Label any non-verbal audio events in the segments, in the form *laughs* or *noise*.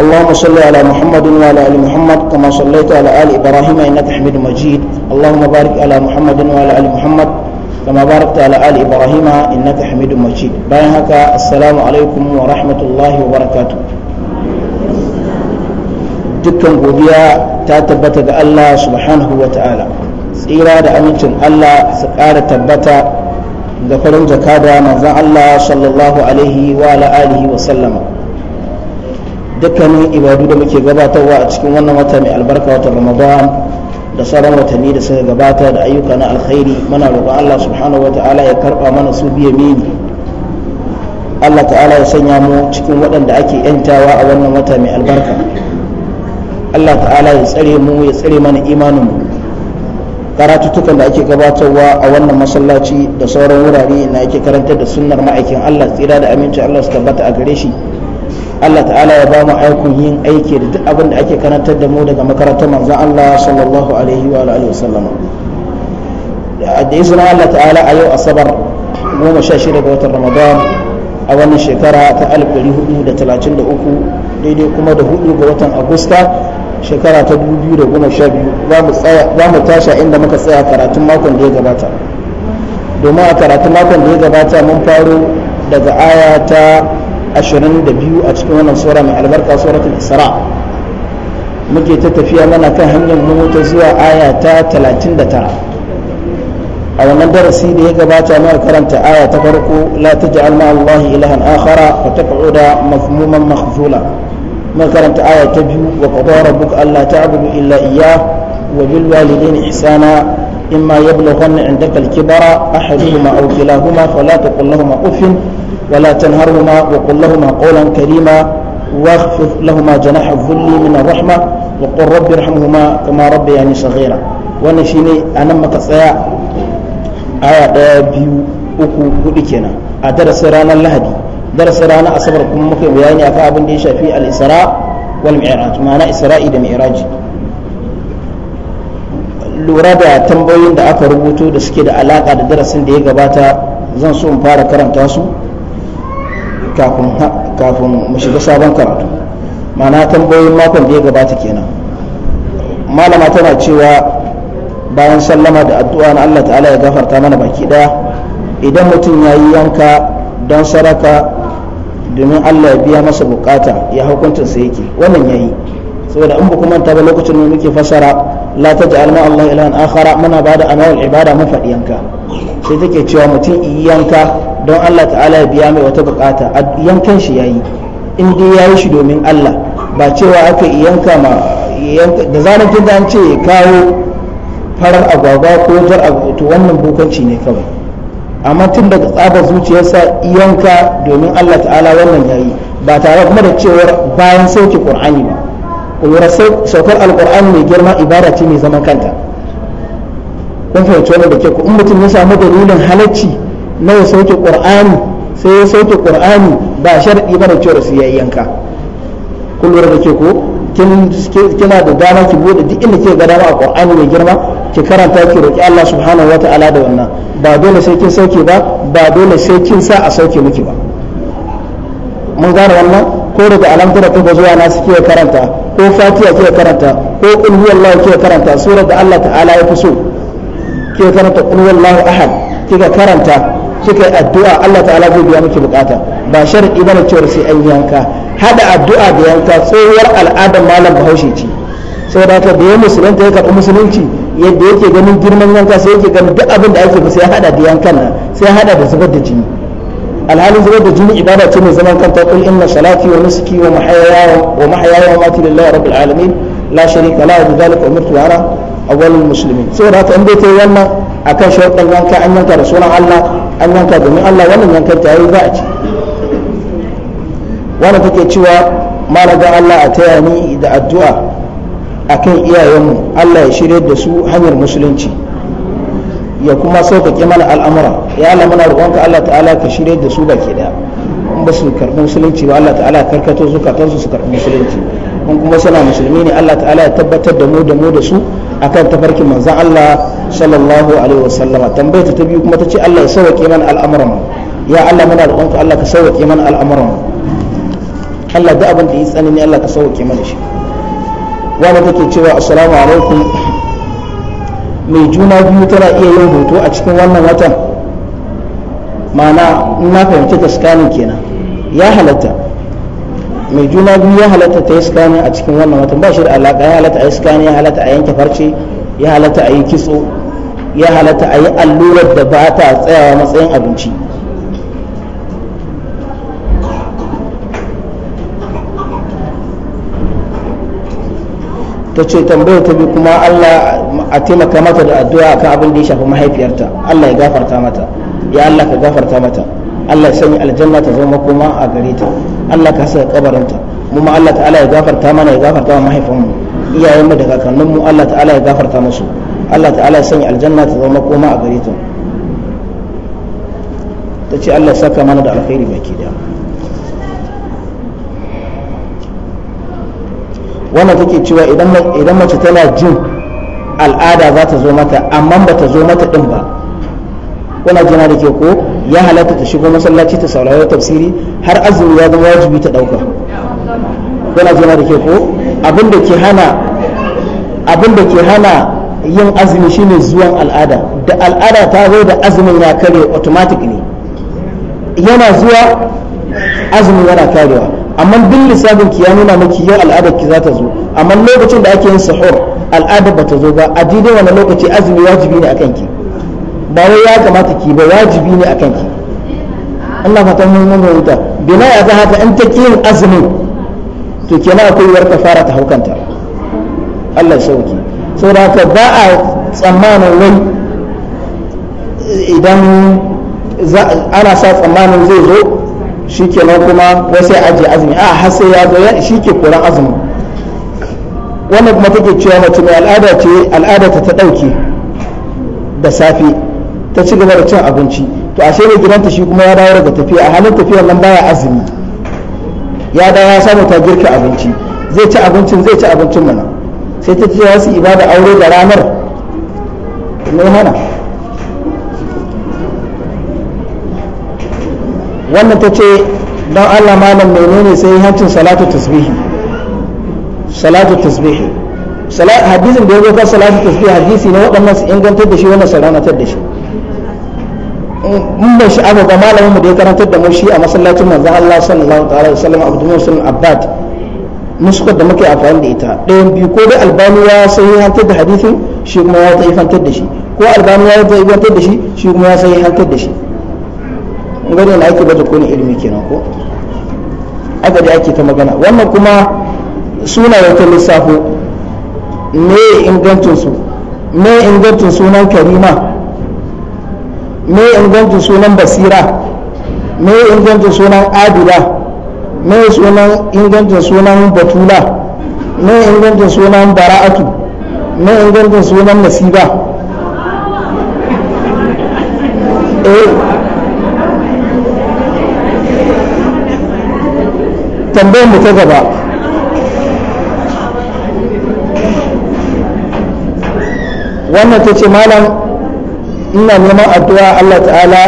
اللهم صل على محمد وعلى ال محمد كما صليت على ال ابراهيم انك حميد مجيد اللهم بارك على محمد وعلى ال محمد كما باركت على ال ابراهيم انك حميد مجيد باين هكا السلام عليكم ورحمه الله وبركاته dukkan godiya ta tabbata ga Allah subhanahu wa ta'ala tsira da amincin Allah su ƙara tabbata ga farin jakada manzon Allah sallallahu alaihi wa alihi wa sallama dukkanin ibadu da muke gabatarwa a cikin wannan wata mai albarka wata ramadan da sauran watanni da suka gabata da ayyuka na alkhairi muna roƙon Allah subhanahu ta'ala ya karɓa mana su biya mini Allah ta'ala ya sanya mu cikin waɗanda ake yantawa a wannan wata mai albarka Allah ta'ala ya tsare mu ya tsare mana imanin mu karatutukan da ake gabatarwa a wannan masallaci da sauran wurare na ake karantar da sunnar ma'aikin Allah tsira da aminci Allah su tabbata a gare shi Allah ta'ala ya ba mu aikun yin aiki da duk abin da ake karantar da mu daga makarantar manzon Allah sallallahu alaihi wa alihi wasallama da izinin Allah ta'ala a yau asabar goma sha shida ga watan Ramadan a wannan shekara ta 1433 daidai kuma da hudu ga watan Agusta shekara ta 2012 za mu tasha inda muka tsaya karatun makon da ya gabata domin a karatun makon da ya gabata mun faro daga aya ta ashirin da biyu a cikin wannan sura mai albarka suratul isra muke ta tafiya mana kan hanyar mu ta zuwa aya ta talatin da tara a wannan darasi da ya gabata mai karanta aya ta farko la taj'al ma allahi ilahan akhara wa taq'uda mafmuman makhzula mai karanta aya ta biyu wa qadara rabbuka alla ta'budu illa iyyah wa bil walidayni ihsana إما يبلغن عندك الكبر أحدهما أو كلاهما فلا تقل لهما أف ولا تنهرهما وقل لهما قولا كريما واخفض لهما جناح الذل من الرحمة وقل رب ارحمهما كما ربياني يعني صغيرا wannan shine a nan maka tsaya aya ɗaya biyu uku hudu kenan a darasin ranar lahadi darasin ranar asabar kuma muka bayani akan abin da ya shafi al da lura da tambayoyin da aka rubuto da suke da alaka da darasin da ya gabata zan so in fara karanta su kafin mu shiga sabon karatu mana tambayoyin makon da ya gabata kenan malama tana cewa bayan sallama da addu'a na Allah ta'ala ya gafarta mana baki daya idan mutum ya yi yanka don saraka domin Allah ya biya masa bukata ya hukuncin sa yake wannan yayi saboda in ba kuma ta ba lokacin da muke fassara la taj'al ma Allah ilahan akhara muna bada anawal ibada yanka sai take cewa mutum yi yanka don Allah ta'ala ya biya mai wata bukata a yankan shi yayi in dai yayi shi domin Allah ba cewa aka yanka ma da zarar kin an ce ya kawo farar agwagwa ko jar to wannan bukanci ne kawai amma tun daga tsaba zuciyarsa yanka domin Allah ta'ala wannan yayi ba tare kuma da cewar bayan sauke Qur'ani ba lura saukar alkur'ani mai girma ibada ce mai zaman kanta kun fahimci wannan da ke ku. in mutum ya samu dalilin halacci na ya sauke qur'ani sai ya sauke ƙur'ani ba sharɗi ba da cewar su ya yanka kun da ke ko kina da dama ki bude duk inda ke ga dama a ƙur'ani mai girma ki karanta ki roki Allah subhanahu ta'ala da wannan ba dole sai kin sauke ba ba dole sai kin sa a sauke miki ba mun gane wannan ko daga alamtara ta ba zuwa na suke karanta ko fatiha ke karanta ko qul huwallahu ke karanta surar da Allah ta'ala ya fi so ke karanta qul huwallahu ahad kika karanta kika yi addu'a Allah ta'ala zai biya miki bukata ba sharadi bane cewa sai an yanka hada addu'a da yanka tsohuwar al'adar malam Bahaushe ce saboda haka da ya musulunta ya karɓi musulunci yadda yake ganin girman yanka sai yake ganin duk abin da ake bi sai hada da yankan nan sai hada da zubar da jini alhalin zubar da jini ibada ce mai zaman kanta kul inna salati wa nusuki wa mahayaya wa mahayaya wa mati lillahi rabbil alamin la sharika la wa dhalika umirtu ana awwalul muslimin saboda in dai ta yi wannan akan sharuɗan yanka an yanka da sunan Allah an yanka domin Allah wannan yankan ta yi za a ci wanda take cewa malaga Allah a taya ni da addu'a akan iyayenmu Allah ya shirya da su hanyar musulunci ya kuma sauƙaƙe mana al'amura ya Allah muna roƙonka Allah ta'ala ka shirya da su baki daya in ba su karɓi musulunci ba Allah ta'ala karkato su zukatansu su karɓi musulunci in kuma suna musulmi ne Allah ta'ala ya tabbatar da mu da mu da su akan tafarkin manzon Allah sallallahu alaihi wasallama tambayar ta biyu kuma ta ce Allah ya sauke mana al'amuran ya Allah muna roƙonka Allah ka sauke mana al'amuran Allah da abin da ya tsanani Allah ka sauke mana shi wanda take cewa assalamu alaikum mai juna biyu tana iya yin hoto a cikin wannan watan ma'ana in na fahimci ta scanning kenan ya halatta mai juna biyu ya halatta ta yi scanning a cikin wannan watan ba shi da alaƙa ya halatta a yi scanning ya halatta a yanke farce ya halatta a yi kitso ya halatta a yi allurar da ba ta tsayawa matsayin abinci ta ce tambaya ta bi kuma Allah a taimaka mata da addu'a kan abin da ya shafi mahaifiyarta Allah ya gafarta mata ya Allah ka gafarta mata Allah ya sanya aljanna ta zama kuma a gare ta Allah ka saka kabarinta mu ma Allah ta'ala ya gafarta mana ya gafarta wa mahaifanmu iyayenmu da kakanninmu Allah ta'ala ya gafarta musu Allah ta'ala ya sanya aljanna ta zama koma a gare ta ta ce Allah saka mana da alkhairi baki daya wannan take cewa idan mace tana jin al'ada za ta zo mata amma ba ta zo mata din ba kuna jina da ke ko ya halatta ta shigo masallaci ta saurari tafsiri har azumi ya zama wajibi ta dauka kuna jina da ke ko abin da ke hana yin azumi shine zuwan al'ada da al'ada ta zo da azumin ya kare automatic ne yana zuwa azumin yana karewa amma duk lissafin ki ya nuna maki yau al'adar ki za ta zo amma lokacin da ake yin sahur al'ada ba ta zo ba a daidai wani lokaci azumi wajibi ne akan ki ba wai ya kamata ki ba wajibi ne akan ki Allah fatan mun mun wuta bina ya ga haka in ta ki yin azumin to kenan akwai yar fara ta haukanta Allah ya sauke saboda ka ba a tsammanin wai idan ana sa tsammanin zai zo shi kenan kuma wai sai ajiye azumi a har sai ya zo shi ke koran azumi wannan kuma take cewa mace mai al'ada ce al'ada ta ta ɗauke da safe ta ci gaba da cin abinci to ashe ne gidanta shi kuma ya dawo daga tafiya a halin tafiyar nan baya azumi ya dawo ya samu ta girka abinci zai ci abincin zai ci abincin mana sai ta ce su ibada aure da ranar mai hana wannan ta ce don allah malam menene sai hancin salatu tasbihi salatu tasbihi hadisin da ya zo salatu tasbihi hadisi ne waɗannan su ingantar da shi wannan su da shi in ba shi abu ga malamin mu da ya karantar da mu shi a masallacin manzon Allah sallallahu ta'ala alaihi wasallam Abdul Musa Abbad nuskar da muke amfani da ita ɗayan biyu ko dai albani ya hantar da hadisin shi kuma ya hantar da shi ko albani ya hantar da shi shi kuma ya hantar da shi gani na ake baje kolin ilimi kenan ko aka da ake ta magana wannan kuma suna wata lissafo me ingancin su me ingancin sunan karima me ingancin sunan basira me ingancin sunan adila me sunan ingancin sunan batula me ingancin sunan bara'atu me ingancin sunan nasiba eh tambayar mu ta gaba wannan ta ce malam ina neman addu'a Allah ta'ala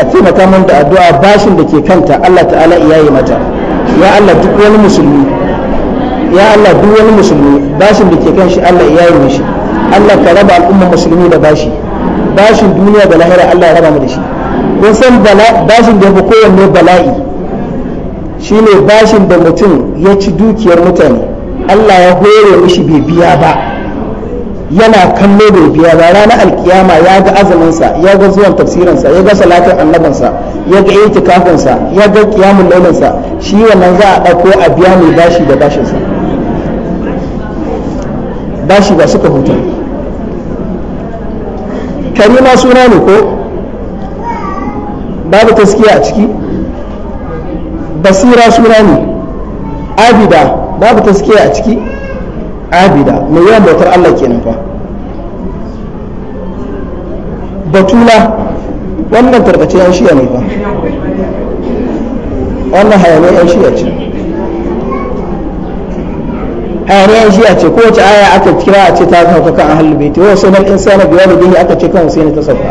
a taimaka min da addu'a bashin da ke kanta Allah ta'ala iyaye mata ya Allah duk wani musulmi ya Allah duk wani musulmi bashin da ke kan shi Allah ya yi shi Allah ka raba al'ummar musulmi da bashi bashin duniya da lahira Allah ya raba mu da shi kun san bashin da ya fi kowanne bala'i shine bashin da mutum ya ci dukiyar mutane Allah ya hore mishi bai biya ba yana kallo bai biya ba ranar alkiyama ya ga azuminsa ya ga zuwan tafsirinsa ya ga salatin annabinsa ya ga itikafinsa ya ga kiyamun lailinsa shi wannan za a ɗauko a biya mai bashi da bashinsa bashi ba suka huta karima suna ne ko babu taskiya a ciki basira suna ne abida babu taskiya a ciki abida mai yawan bautar allah kenan fa batula wannan tarkace yan shiya ne fa wannan hayaniyar yan shiya ce hayaniyar yan shiya ce kowace aya aka kira a ce ta sauka kan ahlul baiti wa sunan insana bi aka ce kan husaini ta sauka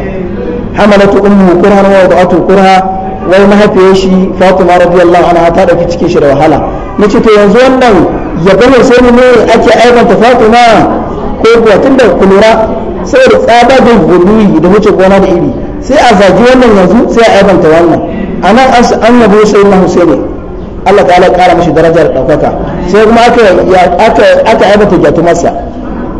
hamalatu ummu kurhan wa kurha wai mahaifiyar shi fatima radiyallahu anha ta dauki cikin shi da wahala nace to yanzu wannan yabar husaini ne ake aibanta fatima ko kuwa tunda kulura lura saboda tsabagen guluyi da wuce gona da iri sai a zagi wannan yanzu sai a aibanta wannan a nan an yabo sai na husaini Allah ta'ala kara mashi darajar ɗaukaka sai kuma aka aibata gyatumarsa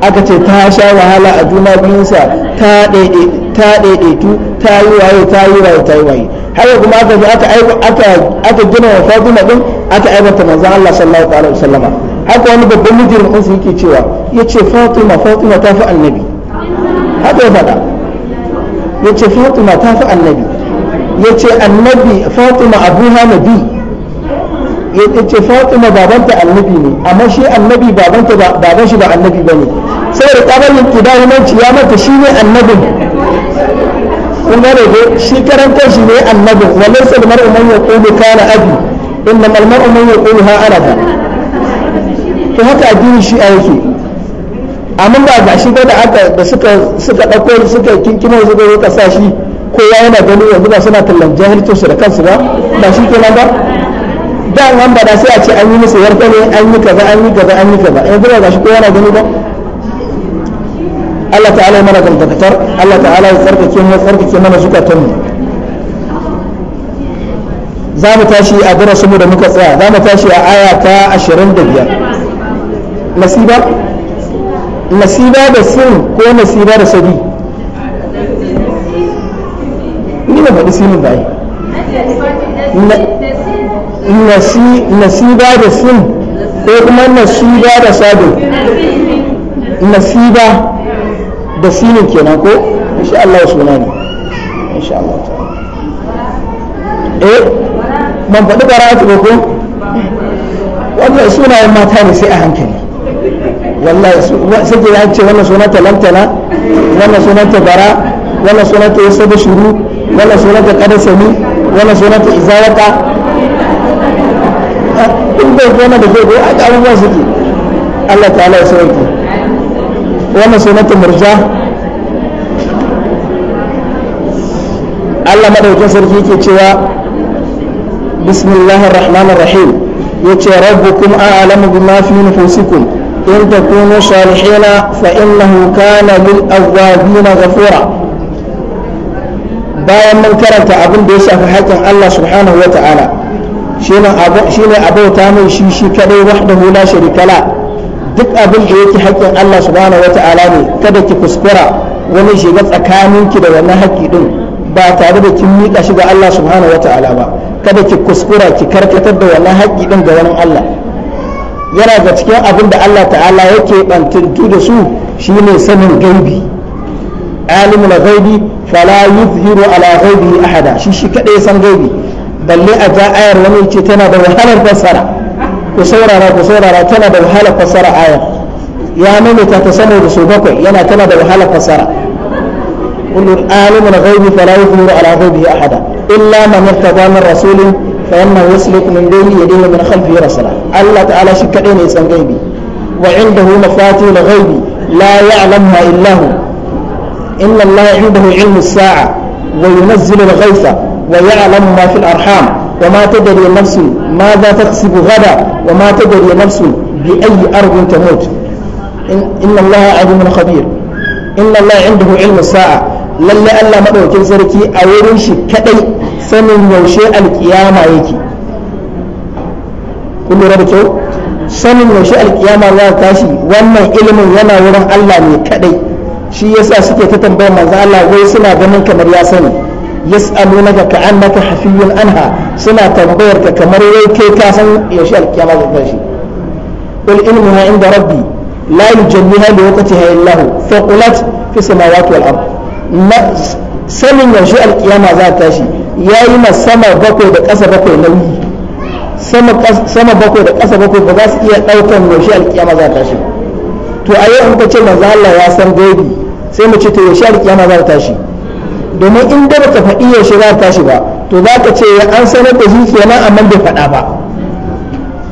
aka ce ta sha wahala a juna biyunsa ta daidaitu, ta yi waye ta yi waye ta yi waye haka kuma aka aka gina wa fatima din aka aibata manzon Allah sallallahu alaihi wasallama haka wani babban mijirin ɗinsa yake cewa ya ce fatima fatima ta fi annabi haka ya faɗa ya ce fatima ta fi annabi ya ce annabi fatima abuha nabi ya ce fatima babanta annabi ne amma shi annabi babanta baban shi ba annabi ba ne saboda ƙabarin ƙidahumanci ya mata shi ne annabin kun gane ko shi karantar shi ne annabin wallan salmar umar ya ƙulu kana abi inda malmar umar ya ƙulu ha araba to haka addini shi a yake amma ba ga shi da aka da suka suka dauko suka kinkimo suka zo ka shi kowa yana gani yanzu ba suna tallan jahilcin su da kansu ba ba shi kenan ba da an ba da sai a ce an yi musu yarda ne an yi kaza an yi kaza an yi kaza yanzu ba shi kowa yana gani ba Allah ta'ala mana gamtakatar Allah ta'ala ya tsarkake mu tsarkake mana zukatan mu za mu tashi a darasin mu da muka tsaya za mu tashi a aya ta 25 nasiba nasiba da sin ko nasiba da sabi na faɗi sinin ba yi nasiba da sin ko kuma nasiba da sado nasiba da sinin kenan ko insha Allah suna ne insha Allah eh man faɗi karatu ba ko wannan sunayen mata ne sai a hankali wallahi sai ke ce wannan sunanta lantana wannan sunanta bara wannan sunanta ya saba shuru ولا سورة قدسني ولا سورة إذا in bai kona da zai aka abubuwa suke Allah ta'ala ya sauke wannan sunatun murja Allah madaukakin sarki ke cewa bismillahir rahmanir rahim yace rabbukum a'lamu bima fi nufusikum in takunu salihina fa innahu kana bayan mun karanta abin da ya shafi haƙƙin Allah subhanahu wa ta'ala shine abauta mai shi shi kadai wahda hula sharika duk abin da yake haƙƙin Allah subhanahu wa ta'ala ne kada ki kuskura wani shiga tsakaninki da wannan haƙƙi din ba tare da kin miƙa shi ga Allah subhanahu wa ta'ala ba kada ki kuskura ki karkatar da wannan haƙƙi din ga wani Allah yana ga cikin abin da Allah ta'ala yake bantuntu da su shine sanin gaibi alimul ghaibi fala yuzhiru ala ghaibihi ahada shi shi kadai san gaibi balle a ja ayar wani ce tana da wahalar fassara ku saurara ku saurara tana da wahalar fassara ayar ya maimaita ta saboda su bakwai yana tana da wahalar fassara kullu alimul ghaibi fala yuzhiru ala ghaibihi ahada illa man irtada min rasulin fa yannahu yasluku min bayni yadihi wa min khalfihi rasula Allah ta'ala shi kadai ne san gaibi wa indahu mafatihul ghaibi la ya'lamuha illa hu إن الله عنده علم الساعة وينزل الغيث ويعلم ما في الأرحام وما تدري نفس ماذا تكسب غدا وما تدري نفس بأي أرض تموت إن, الله عليم خبير إن الله عنده علم الساعة lalle Allah madaukakin sarki a wurin shi kadai sanin yaushe alkiyama yake kun lura da kyau sanin yaushe alkiyama za ta tashi wannan ilimin yana wurin Allah ne kadai shi yasa suke ta tambayar manzo Allah wai suna ganin kamar ya sani yas'alunaka ka'annaka hafiyyun anha suna tambayar ka kamar wai kai ka san yaushe alkiyama zai tashi qul ilmuha inda rabbi la yujalliha li waqtiha illa hu faqulat fi samawati wal ard sanin yaushe alkiyama za ta tashi yayi ma sama bakwai da ƙasa bakwai nauyi sama bakwai da ƙasa bakwai ba za su iya ɗaukan yaushe alkiyama za ta tashi to a yau in ka ce manzo Allah ya san gaibi sai mu ce to yaushe alkiyama za ta tashi domin in da baka faɗi yaushe za ta tashi ba to za ka ce an sanar da shi kenan amma bai faɗa ba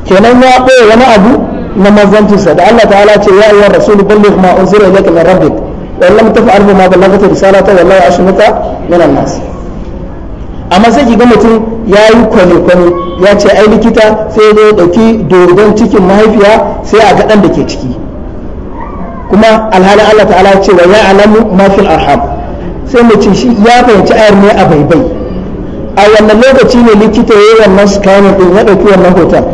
kenan ya ɓoye wani abu na manzancinsa da Allah ta'ala ce ya ayyuhar rasul balligh ma unzila ilayka min rabbik wa lam taf'al ma ballaghta risalata wallahu yashmuka min an-nas amma sai ki ga mutum ya yi kwane kwane ya ce ai likita sai ya dauki dogon cikin mahaifiya sai a ga dan da ke ciki kuma alhalin Allah ta'ala ya ce wa ya alamu ma fil arham sai mu ce shi ya fahimci ayar ne a baibai a wannan lokaci ne likita yayi wannan scanning din ya dauki wannan hoton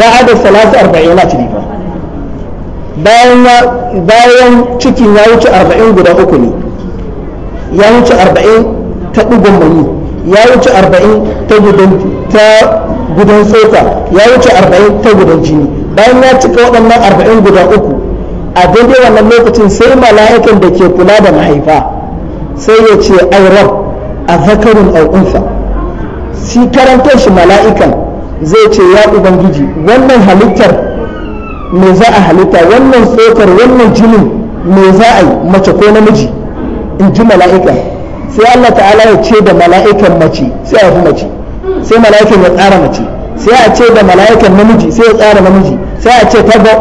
ba da salatu arba'ina ne ba bayan bayan cikin ya wuce arba'in guda uku ne ya wuce arba'in ta ɗigon mani ya wuce arba'in ta gudan tsoka ya wuce arba'in ta gudan jini bayan ya cika waɗannan arba'in guda uku a daidai wannan lokacin sai mala'ikan da ke kula da mahaifa sai ya ce ai rab a zakarin al'unsa shi karantar shi mala'ikan zai ce ya ubangiji wannan halittar me za a halitta wannan tsokar wannan jinin me za a yi mace ko namiji in ji mala'ikan sai Allah ta'ala ya ce da mala'ikan mace sai a fi mace sai mala'ikan ya tsara mace sai a ce da mala'ikan namiji sai ya tsara namiji sai a ce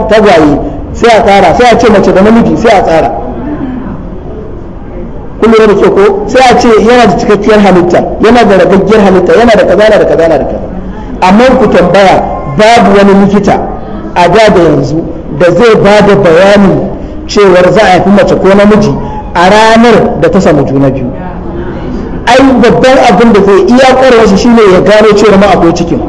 tagwaye sai a tsara sai a ce mace da namiji sai a tsara kullum da ko sai a ce yana da cikakkiyar halitta yana da ragaggiyar halitta yana da kazana da kazana da kaza amma ku tambaya babu wani likita a da da yanzu da zai ba da bayani cewar za a fi mace ko namiji a ranar da ta samu juna biyu ai babban abin da zai iya kwarewa shi shine ya gano cewa ma akwai cikin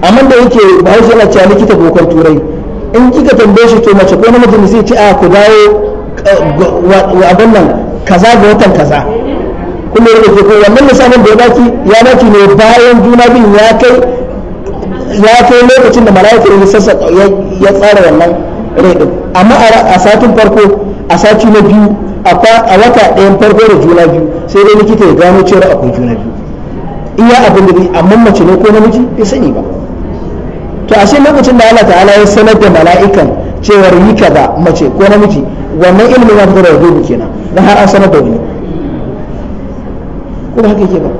amma da yake ba yana cewa likita bokan turai in kika tambaye shi to mace ko namiji ne sai ce a ah, ku dawo eh, abin nan kaza ga watan kaza kuma yadda ke kuma wannan misalin da ya baki ya baki ne bayan juna bin ya kai ya kai lokacin da mala'ika ya sassa ya tsara wannan rai din amma a satin farko a sati na biyu a wata ɗayan farko da juna biyu sai dai likita ya gano cewa akwai juna biyu iya abin da amma mace ne ko namiji bai sani ba to ashe lokacin da Allah ta'ala ya sanar da mala'ikan cewar yi kaza mace ko namiji wannan ilimin ya fito da gobe kenan na har an sanar da wani ko da haka yake ba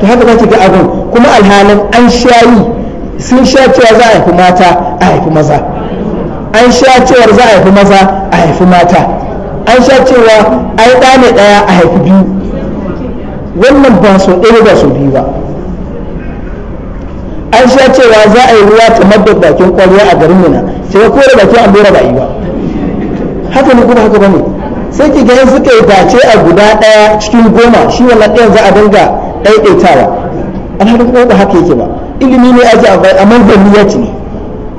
to haka za ki ga abin kuma alhalin an shayi sun sha cewa za a haifi mata a haifi maza an sha cewa za a haifi maza a haifi mata an sha cewa ai ɗa ne ɗaya a haifi biyu wannan ba so ɗaya ba so biyu ba an sha cewa za a yi ruwa ta madda bakin kwariya a garin mina sai ya da bakin allura ba yi ba haka ne kuma haka bane sai ki ga suka yi dace a guda daya cikin goma shi wannan ɗayan za a dinga ɗaiɗaitawa alhalin ko ba haka yake ba ilimi ne aji abai amma da niyyat ne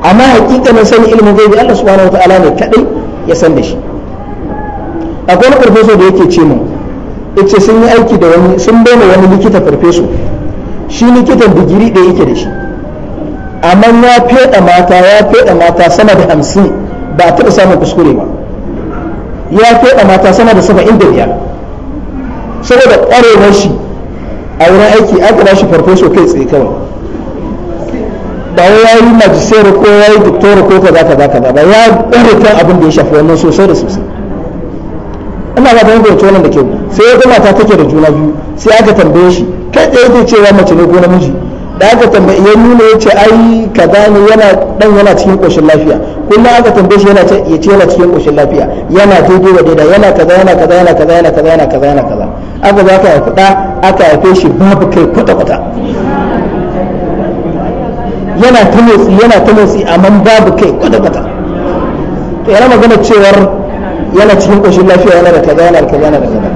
amma hakikanin sani ilimin zai bi Allah subhanahu wataala ne kadai ya san da shi akwai wani farfesa da yake ce mu Ita sun yi aiki da wani sun bai wani likita farfesa shi likitan digiri ɗaya yake da shi amma ya feɗa mata ya feɗa mata sama da hamsin ba a taɓa samun kuskure ba ya feɗa mata sama da sama inda biyar saboda ƙwarewar shi a wurin aiki aka ba shi farfeso kai tsaye kawai ba wai ya yi majisera ko ya yi doktora ko kaza kaza kaza ba ya ɗare kan abin da ya shafi wannan sosai da sosai ina ba da yanke wacce wannan da kyau sai ya gama ta take da juna biyu sai aka tambaye shi kai tsaye zai cewa mace ne ko namiji da aka tambaye ya nuna ya ce ai kaza ne yana dan yana cikin koshin lafiya kullum aka tambaye shi yana ya ce yana cikin koshin lafiya yana daidai wa daidai yana kaza yana kaza yana kaza yana kaza yana kaza yana kaza aka za ka haifi da aka haife shi babu kai kwata kwata yana ta motsi yana ta motsi amma babu kai kwata kwata to yana magana cewar yana cikin koshin lafiya yana da kaza yana da kaza yana da kaza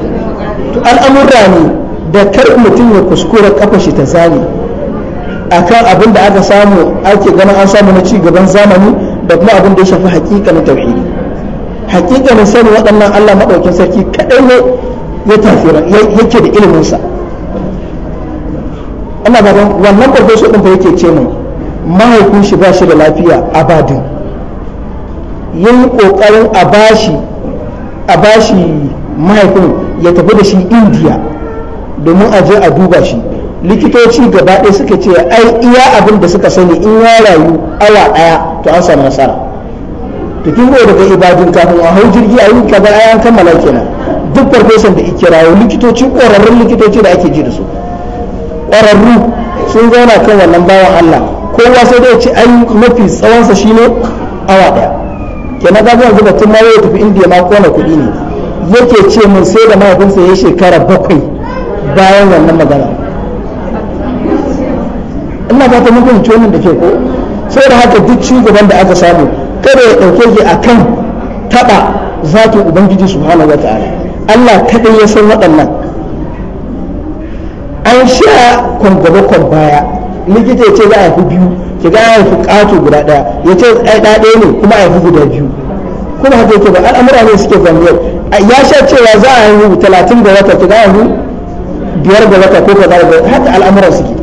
to al'amura ne da kar mutum ya kuskura kafa shi ta zame akan abin da aka samu ake ganin an samu na ci gaban zamani da kuma abin da ya shafi na tauhidi na sani waɗannan Allah maɗaukin sarki kaɗai ne ya tafira yake da iliminsa ana gaban wannan farfesu ɗin fa yake ce mun mahaifin shi ba shi da lafiya abadin yin ƙoƙarin a bashi a bashi mahaifin ya tafi da shi indiya domin a je a duba shi likitoci gaba ɗaya suka ce ai iya abin da suka sani in ya rayu awa ɗaya to an samu nasara to kin go daga ibadun kafin a hau jirgi a yi kaza an kammala kenan duk farfesan da rayu likitoci ƙwararrun likitoci da ake ji da su ƙwararru sun zauna kan wannan bawan Allah kowa sai dai ce ai mafi tsawonsa shine awa ɗaya kenan gaba yanzu batun ma ya tafi indiya ma kona kuɗi ne yake ce mun sai da mahaifinsa ya shekara bakwai bayan wannan magana ina ba ta mugun wannan da ke ko sai da haka duk shugaban da aka samu kada ya dauke shi akan taba zatin ubangiji subhanahu wataala Allah kada ya san waɗannan an sha kwan gaba kwan baya likita ya ce za a fi biyu ki ga fi kato guda ɗaya ya ce ai ɗaya ne kuma a haifi guda biyu kuma haka yake ba al'amura ne suke zamiyar ya sha cewa za a yi talatin da wata ki ga haihu biyar da wata ko kaza da haka al'amura suke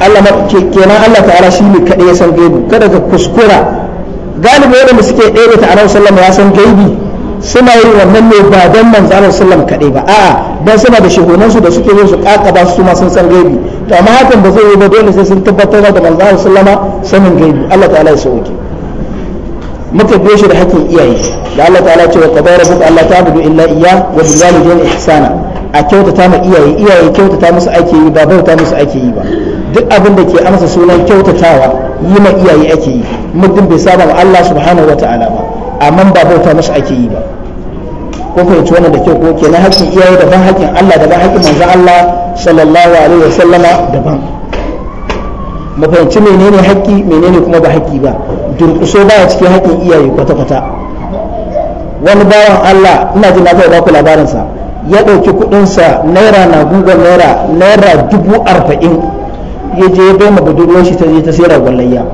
Allah kenan Allah ta'ala shi ne kaɗai ya san gaibi kada ka kuskura galibi wanda suke ɗaya ta annabi sallam ya san gaibi suna yin wannan ne ba don manzo annabi sallam kaɗai ba a'a dan suna da shehunansu da suke zo su ba su ma sun san gaibi to amma hakan ba zai yi ba dole sai sun tabbatar da manzo annabi sallama sanin gaibi Allah ta'ala ya sauke muka biyo shi da hakkin iyaye da Allah ta'ala ce wa qadara allah alla ta'budu illa iyyah wa bil walidayni ihsana a kyautata ma iyaye iyaye kyautata musu ake yi ba bauta musu ake yi ba duk abin da ke amsa sunan kyautatawa yi ma iyaye ake yi muddin bai saba wa Allah subhanahu wa ta'ala ba amma ba bauta musu ake yi ba ko fahimci wannan da kyau ko kenan hakkin iyaye ban hakkin Allah da ban hakkin manzo Allah sallallahu alaihi wa sallama daban mu fahimci menene haƙƙi menene kuma ba haƙƙi ba durƙuso baya cikin haƙƙin iyaye kwata-kwata wani bawan Allah ina jin na ba ku labarinsa ya ɗauki kuɗinsa naira na guga naira naira dubu arba'in ya je ya bai ma shi ta je ta sayar gwalayya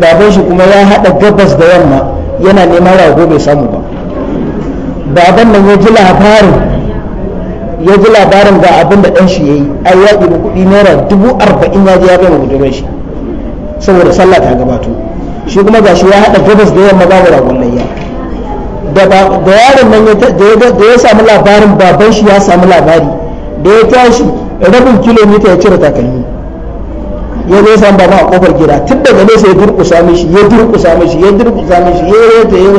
baban shi kuma ya haɗa gabas da yamma yana neman rago bai samu ba baban nan ya ji labarin ya ji labarin ga abin da ɗan shi ya yi ai ya ɗibi kuɗi naira dubu arba'in ya je ya bai ma shi saboda sallah ta gabato shi kuma ga shi ya haɗa gabas da yamma babu ragon layya da yaron nan da ya samu labarin baban shi ya samu labari da ya tashi rabin kilomita ya cire takalmi ya zo san baba a kofar gida tun daga nesa ya durkusa mishi ya durkusa mishi ya durkusa mishi ya rata ya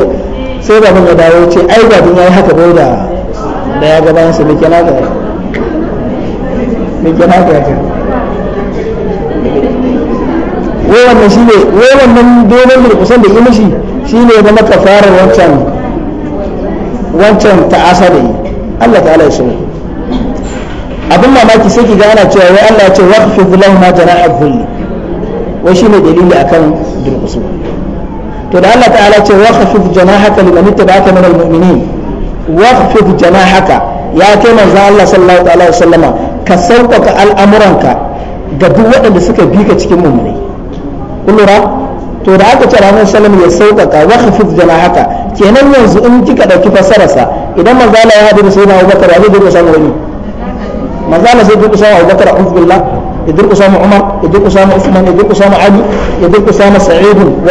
sai baban ya dawo ce ai ba ya yi haka bai da da ya gabayan sa mike na gaya mike na gaya wai wannan shine wai wannan dogon durkusan da yi mishi shine da zama kafarar wancan wancan ta'asa da yi Allah ta'ala ya sauka abin mamaki sai ki ga ana cewa wai Allah ce wa fi lahu ma janaha dhulli wai shine dalili akan durkusu to da Allah ta'ala ce wa khafif janahaka liman ittaba'aka min almu'minin wa khafif janahaka ya kai manzo Allah sallallahu alaihi wasallama ka sauƙaƙa al'amuranka ga duk waɗanda suka bi ka cikin mu'minai kullura to da aka ce ranar salam ya sauƙaƙa wa khafif janahaka kenan yanzu in kika ɗauki fasararsa idan manzo Allah ya hadu da sayyidina Abubakar ya zai dinga samu wani manzo Allah zai durkusa wa Abubakar Abdullah ya durkusa mu Umar ya durkusa mu Usman ya durkusa mu Ali ya durkusa wa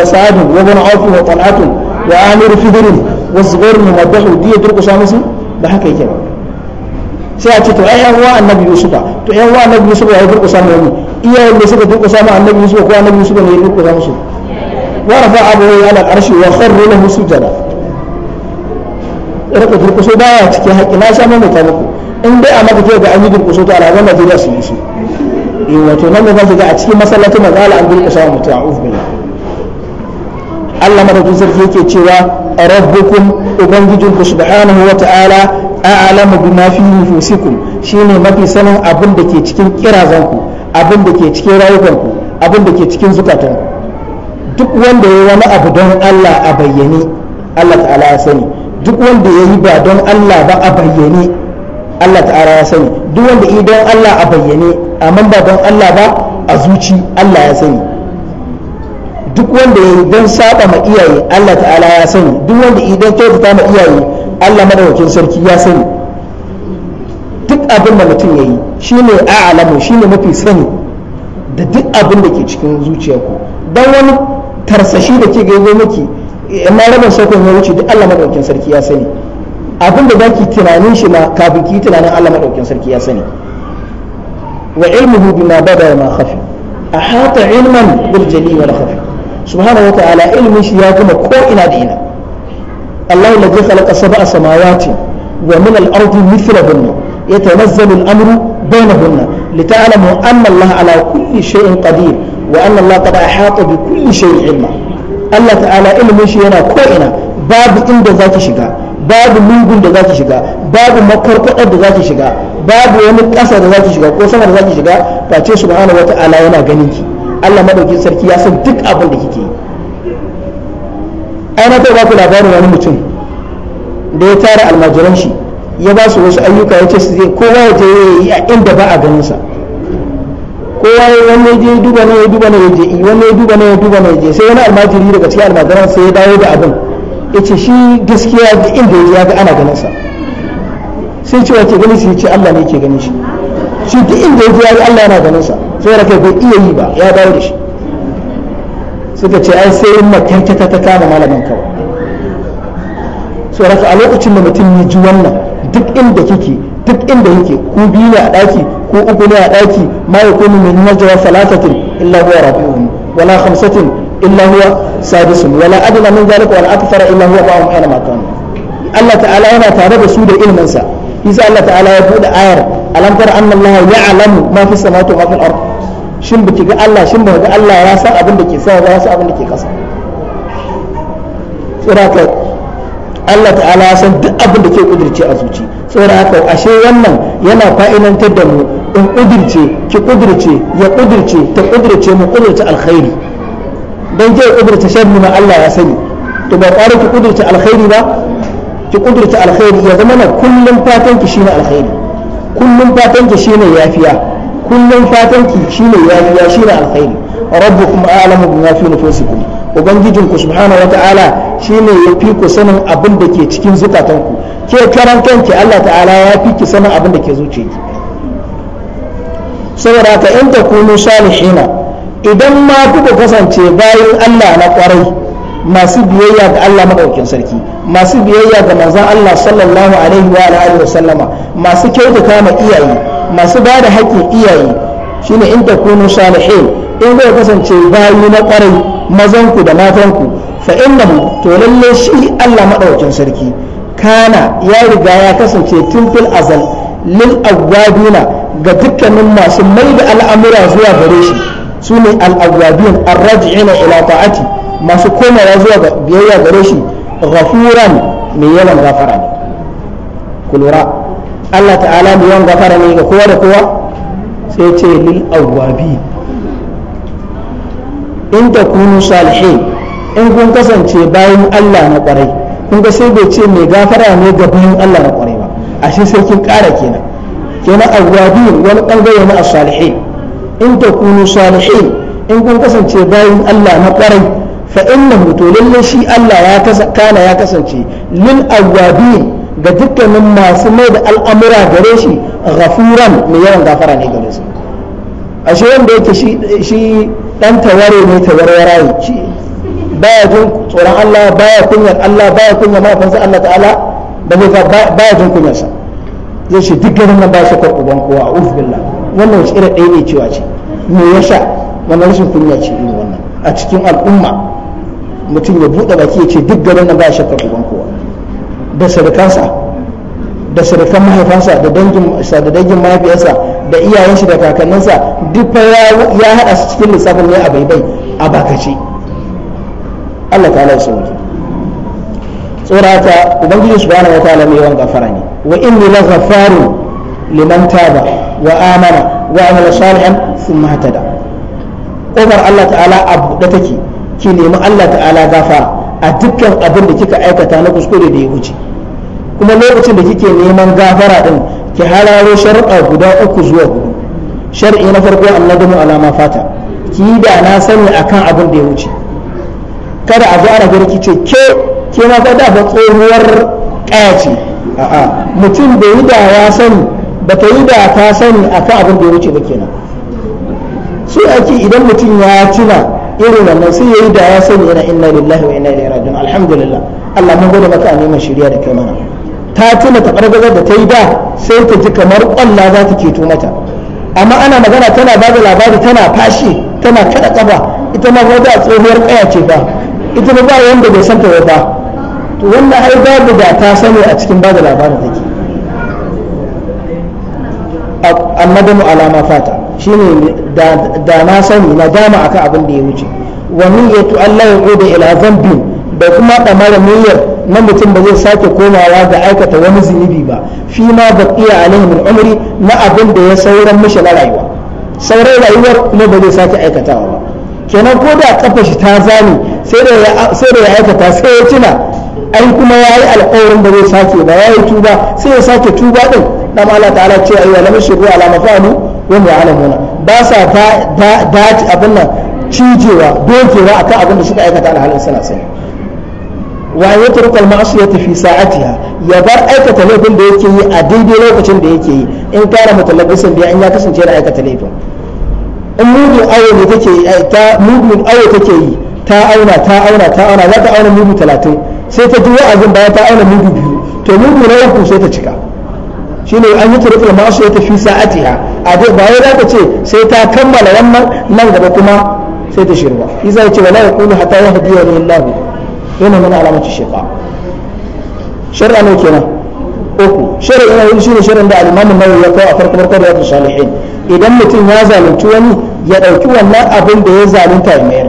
Sa'ad wa Ibn wa Talhat wa Amir Fidr wa Zubair mu Madahu di ya durkusa ba haka yake ba sai a ce to ai yan uwa Annabi Yusuf to yan uwa Annabi Yusuf ya durkusa mu ne iyayen da suka durkusa mu Annabi rika durkuso ya cikin haƙƙi na sha mai muku in dai a maka kai ga an yi durkuso to al'adun Najeriya su yi su yi eh, wato nan ne za su ga a cikin masallacin manzala an durkusa wa mutum a'udhu billah Allah madaukin sarki yake cewa rabbukum ku subhanahu wa ta'ala a'lamu bima fi nufusikum shine mafi sanin abin da ke cikin kirazanku abin da ke cikin rayukanku abin da ke cikin zukatan duk wanda ya wani abu don Allah a bayyane Allah ta'ala ya sani duk wanda ya yi ba don Allah ba a bayyane Allah ta'ala ya sani duk wanda yi don Allah a bayyane amma ba don Allah ba a zuci Allah ya sani duk wanda ya yi don saba ma iyaye Allah ta'ala ya sani duk wanda yi don kyautata ma iyaye Allah madaukakin sarki ya sani duk abin da mutum ya yi shi ne shine a'lamu ne mafi sani da duk abin da ke cikin zuciyarku Don wani tarsashi da ke gaigo miki amma rabin sokon ya wuce duk Allah madaukakin sarki ya sani abinda zaki tunanin shi ma kafin ki tunanin Allah madaukakin sarki ya sani wa ilmuhu bima bada ma khafi ahata ilman bil jali wal khafi subhanahu wa ta'ala ilmin shi ya gama ko ina da ina Allah alladhi khalaqa sab'a samawati wa min al-ardi mithlahunna yatanazzalu al-amru بينهن لتعلموا أن الله على كل شيء قدير وأن الله قد أحاط بكل شيء علما Allah ta'ala ilimin shi yana ko'ina babu inda za ki shiga babu mungun da za ki shiga babu makwarkwadar da za ki shiga babu wani ƙasa da za ki shiga ko sama da za ki shiga ma'ana wata ta'ala yana ganin ki Allah maɗauki sarki ya san duk abin da kike yi ai ba labarin wani mutum da ya tara almajiran shi ya ba su wasu ayyuka ya ce su zai kowa ya je yi a inda ba a ganin sa kowa ya wanne je duba ne ya duba ne ya je wani ya duba ne ya duba ne ya je sai wani almajiri daga cikin almajiran sai ya dawo da abin ya ce shi gaskiya da inda ya ga ana ganin sa sai cewa ke gani shi ce Allah ne ke ganin shi shi duk inda ya ga Allah yana ganin sa sai kai bai iya yi ba ya dawo da shi suka ce ai sai makankata ta kama malamin kawai sai a lokacin da mutum ya ji wannan duk inda kike duk inda yake ko biyu ne a ɗaki ko uku ne a daki ma yakunu min najwa thalathatin illa huwa rabi'uhum wala khamsatin illa huwa sadisun wala adna min zalika wala akthara illa huwa ba'um aina ma kanu Allah ta'ala yana tare da su da ilmin sa yasa Allah ta'ala ya bude ayar alam tara anna Allah ya'lamu ma fi samawati wa ma fil ard shin biki ga Allah shin ba ga Allah ya san abin da ke sama ba ya san abin da ke kasa tsira Allah ta'ala ya san duk abin da ke kudirce a zuci saboda haka ashe wannan yana fa'ilantar da mu in kudirce ki kudirce ya kudirce ta kudirce mu kudirce alkhairi dan je kudirce sharri ma Allah ya sani to ba ƙara ki kudirce alkhairi ba ki kudirce alkhairi ya zama na kullum fatan ki shine alkhairi kullum fatan ki shine yafiya kullum fatan ki shine yafiya shine alkhairi rabbukum a'lamu bima fi nufusikum ubangijinku subhanahu wata'ala shine ya fi ku sanin abin da ke cikin zukatanku ke karan kanki Allah ta'ala ya fi ki sanin abin da ke ki saboda ka in ta kunu salihina idan ma kuka kasance bayan Allah na kwarai masu biyayya ga Allah madaukin sarki masu biyayya ga manzon Allah sallallahu alaihi wa alihi wa sallama masu kyautata ma iyaye masu ba da haƙƙin iyaye shine in ta kunu salihin in kuka kasance bayi na kwarai mazanku da matanku fa innahu to lalle shi Allah madaukakin sarki kana ya riga ya kasance tun fil azal lil awwabina ga dukkanin masu mai da al'amura zuwa gare shi su ne al'awwabin arraji'ina ila ta'ati masu komawa zuwa biyayya gare shi ghafuran mai yawan gafara ne ku Allah ta'ala mai yawan gafara ne ga kowa da kowa sai ce lil awwabin in takunu salihin in kun kasance bayan Allah na kwarai kun ga sai bai ce mai gafara ne ga bayan Allah na kwarai ba ashe sai kin kara kenan kenan awwabin wani bangare na a salihin in kunu salihin in kun kasance bayan Allah na kwarai fa innahu to lalle shi Allah ya kana ya kasance lil awwabin ga dukkanin masu mai da al'amura gare shi ghafuran mai yawan gafara ne gare su ashe wanda yake shi dan taware ne tawarwara ya ce baya jin tsoron Allah baya kunyar Allah baya kunyar mahaifinsa Allah ta'ala da zai baya jin kunyarsa zai ce duk garin nan ba shi kwa uban kowa a billah wannan wace irin ɗaya ne cewa ce me ya sha wannan rashin kunya ce ne wannan a cikin al'umma mutum ya buɗe baki ya ce duk garin nan ba shi kwa uban kowa da sadakansa da surukan mahaifansa da dangin sa da dangin mahaifiyarsa da iyayen shi da kakanninsa duk fa ya hada su cikin lissafin ne a baibai a bakace Allah ta'ala ya sauke tsorata ubangiji subhanahu wa ta'ala mai yawan gafara ne wa inni la ghafaru liman taba wa amana wa amila salihan thumma hatada kofar Allah ta'ala a buɗe take ki nemi Allah ta'ala gafara a dukkan abin da kika aikata na kuskure da ya wuce kuma lokacin da kike neman gafara din ki halalo shari'a guda uku zuwa hudu shar'i na farko annadamu alama fata ki da na sani akan abin da ya wuce kada a zo ana gari ki ke ke ma fa da tsohuwar kaya mutum da yi da ya sani ba ta yi da ta sani akan abin da ya wuce ba kenan su ake idan mutum ya tuna irin wannan sai ya yi da ya sani yana inna lillahi wa inna ilaihi raji'un alhamdulillah Allah mun gode maka a neman shirya da kai mana ta tuna taɓargazar da ta yi da sai ta ji kamar ƙwalla za ta ceto mata amma ana magana tana ba da labari tana fashi tana kaɗa ƙaba ita ma wata tsohuwar ƙaya ce ba ita ba ba wanda bai san ta ba to wannan ai babu da ta sani a cikin ba da labarin take annadamu alama fata shine da na sani na dama akan abin da ya wuce wa niyyatu Allah ya ila dhanbin Bai kuma ɗamara niyyar nan mutum ba zai sake komawa ga aikata wani zunubi ba fi ma ba iya alaihi min umri na abin da ya sauran mishi na rayuwa sauran rayuwar kuma ba zai sake aikatawa ba kenan ko da kafa shi ta zani sai da ya aikata sai ya tuna ai kuma ya yi alƙawarin da zai sake ba ya yi tuba sai ya sake tuba din mala ta ala ce ayyuha lam yushriku ala mafalu wa ya'lamuna ba sa da abin nan cijewa dokewa akan abin da suka aikata alhalin sana sai Waye ya rukar masu masiyata fi sa'atiha ya bar aikata laifin da yake yi a daidai lokacin da yake yi in kara mutalabisin biya in ya kasance da aikata laifin in mugun awo ne take ta mugun awo take yi ta auna ta auna ta auna za ta auna mudu talatin sai ta ji wa'azin bayan ta auna mudu biyu to mudu na uku sai ta cika shine an yi turkul masu ya tafi sa'atiha a dai ba wai za ta ce sai ta kammala wannan nan gaba kuma sai ta shirwa isa ya ce wala yaqulu hatta yahdi wa lahu yana mana alamacin shiqa shar'a ne kenan uku shar'a yana yin shirin shirin da alimamin imam ya kawo a farko farko da salihin idan mutum ya zalunci wani ya dauki wannan abin da ya zalunta ya mayar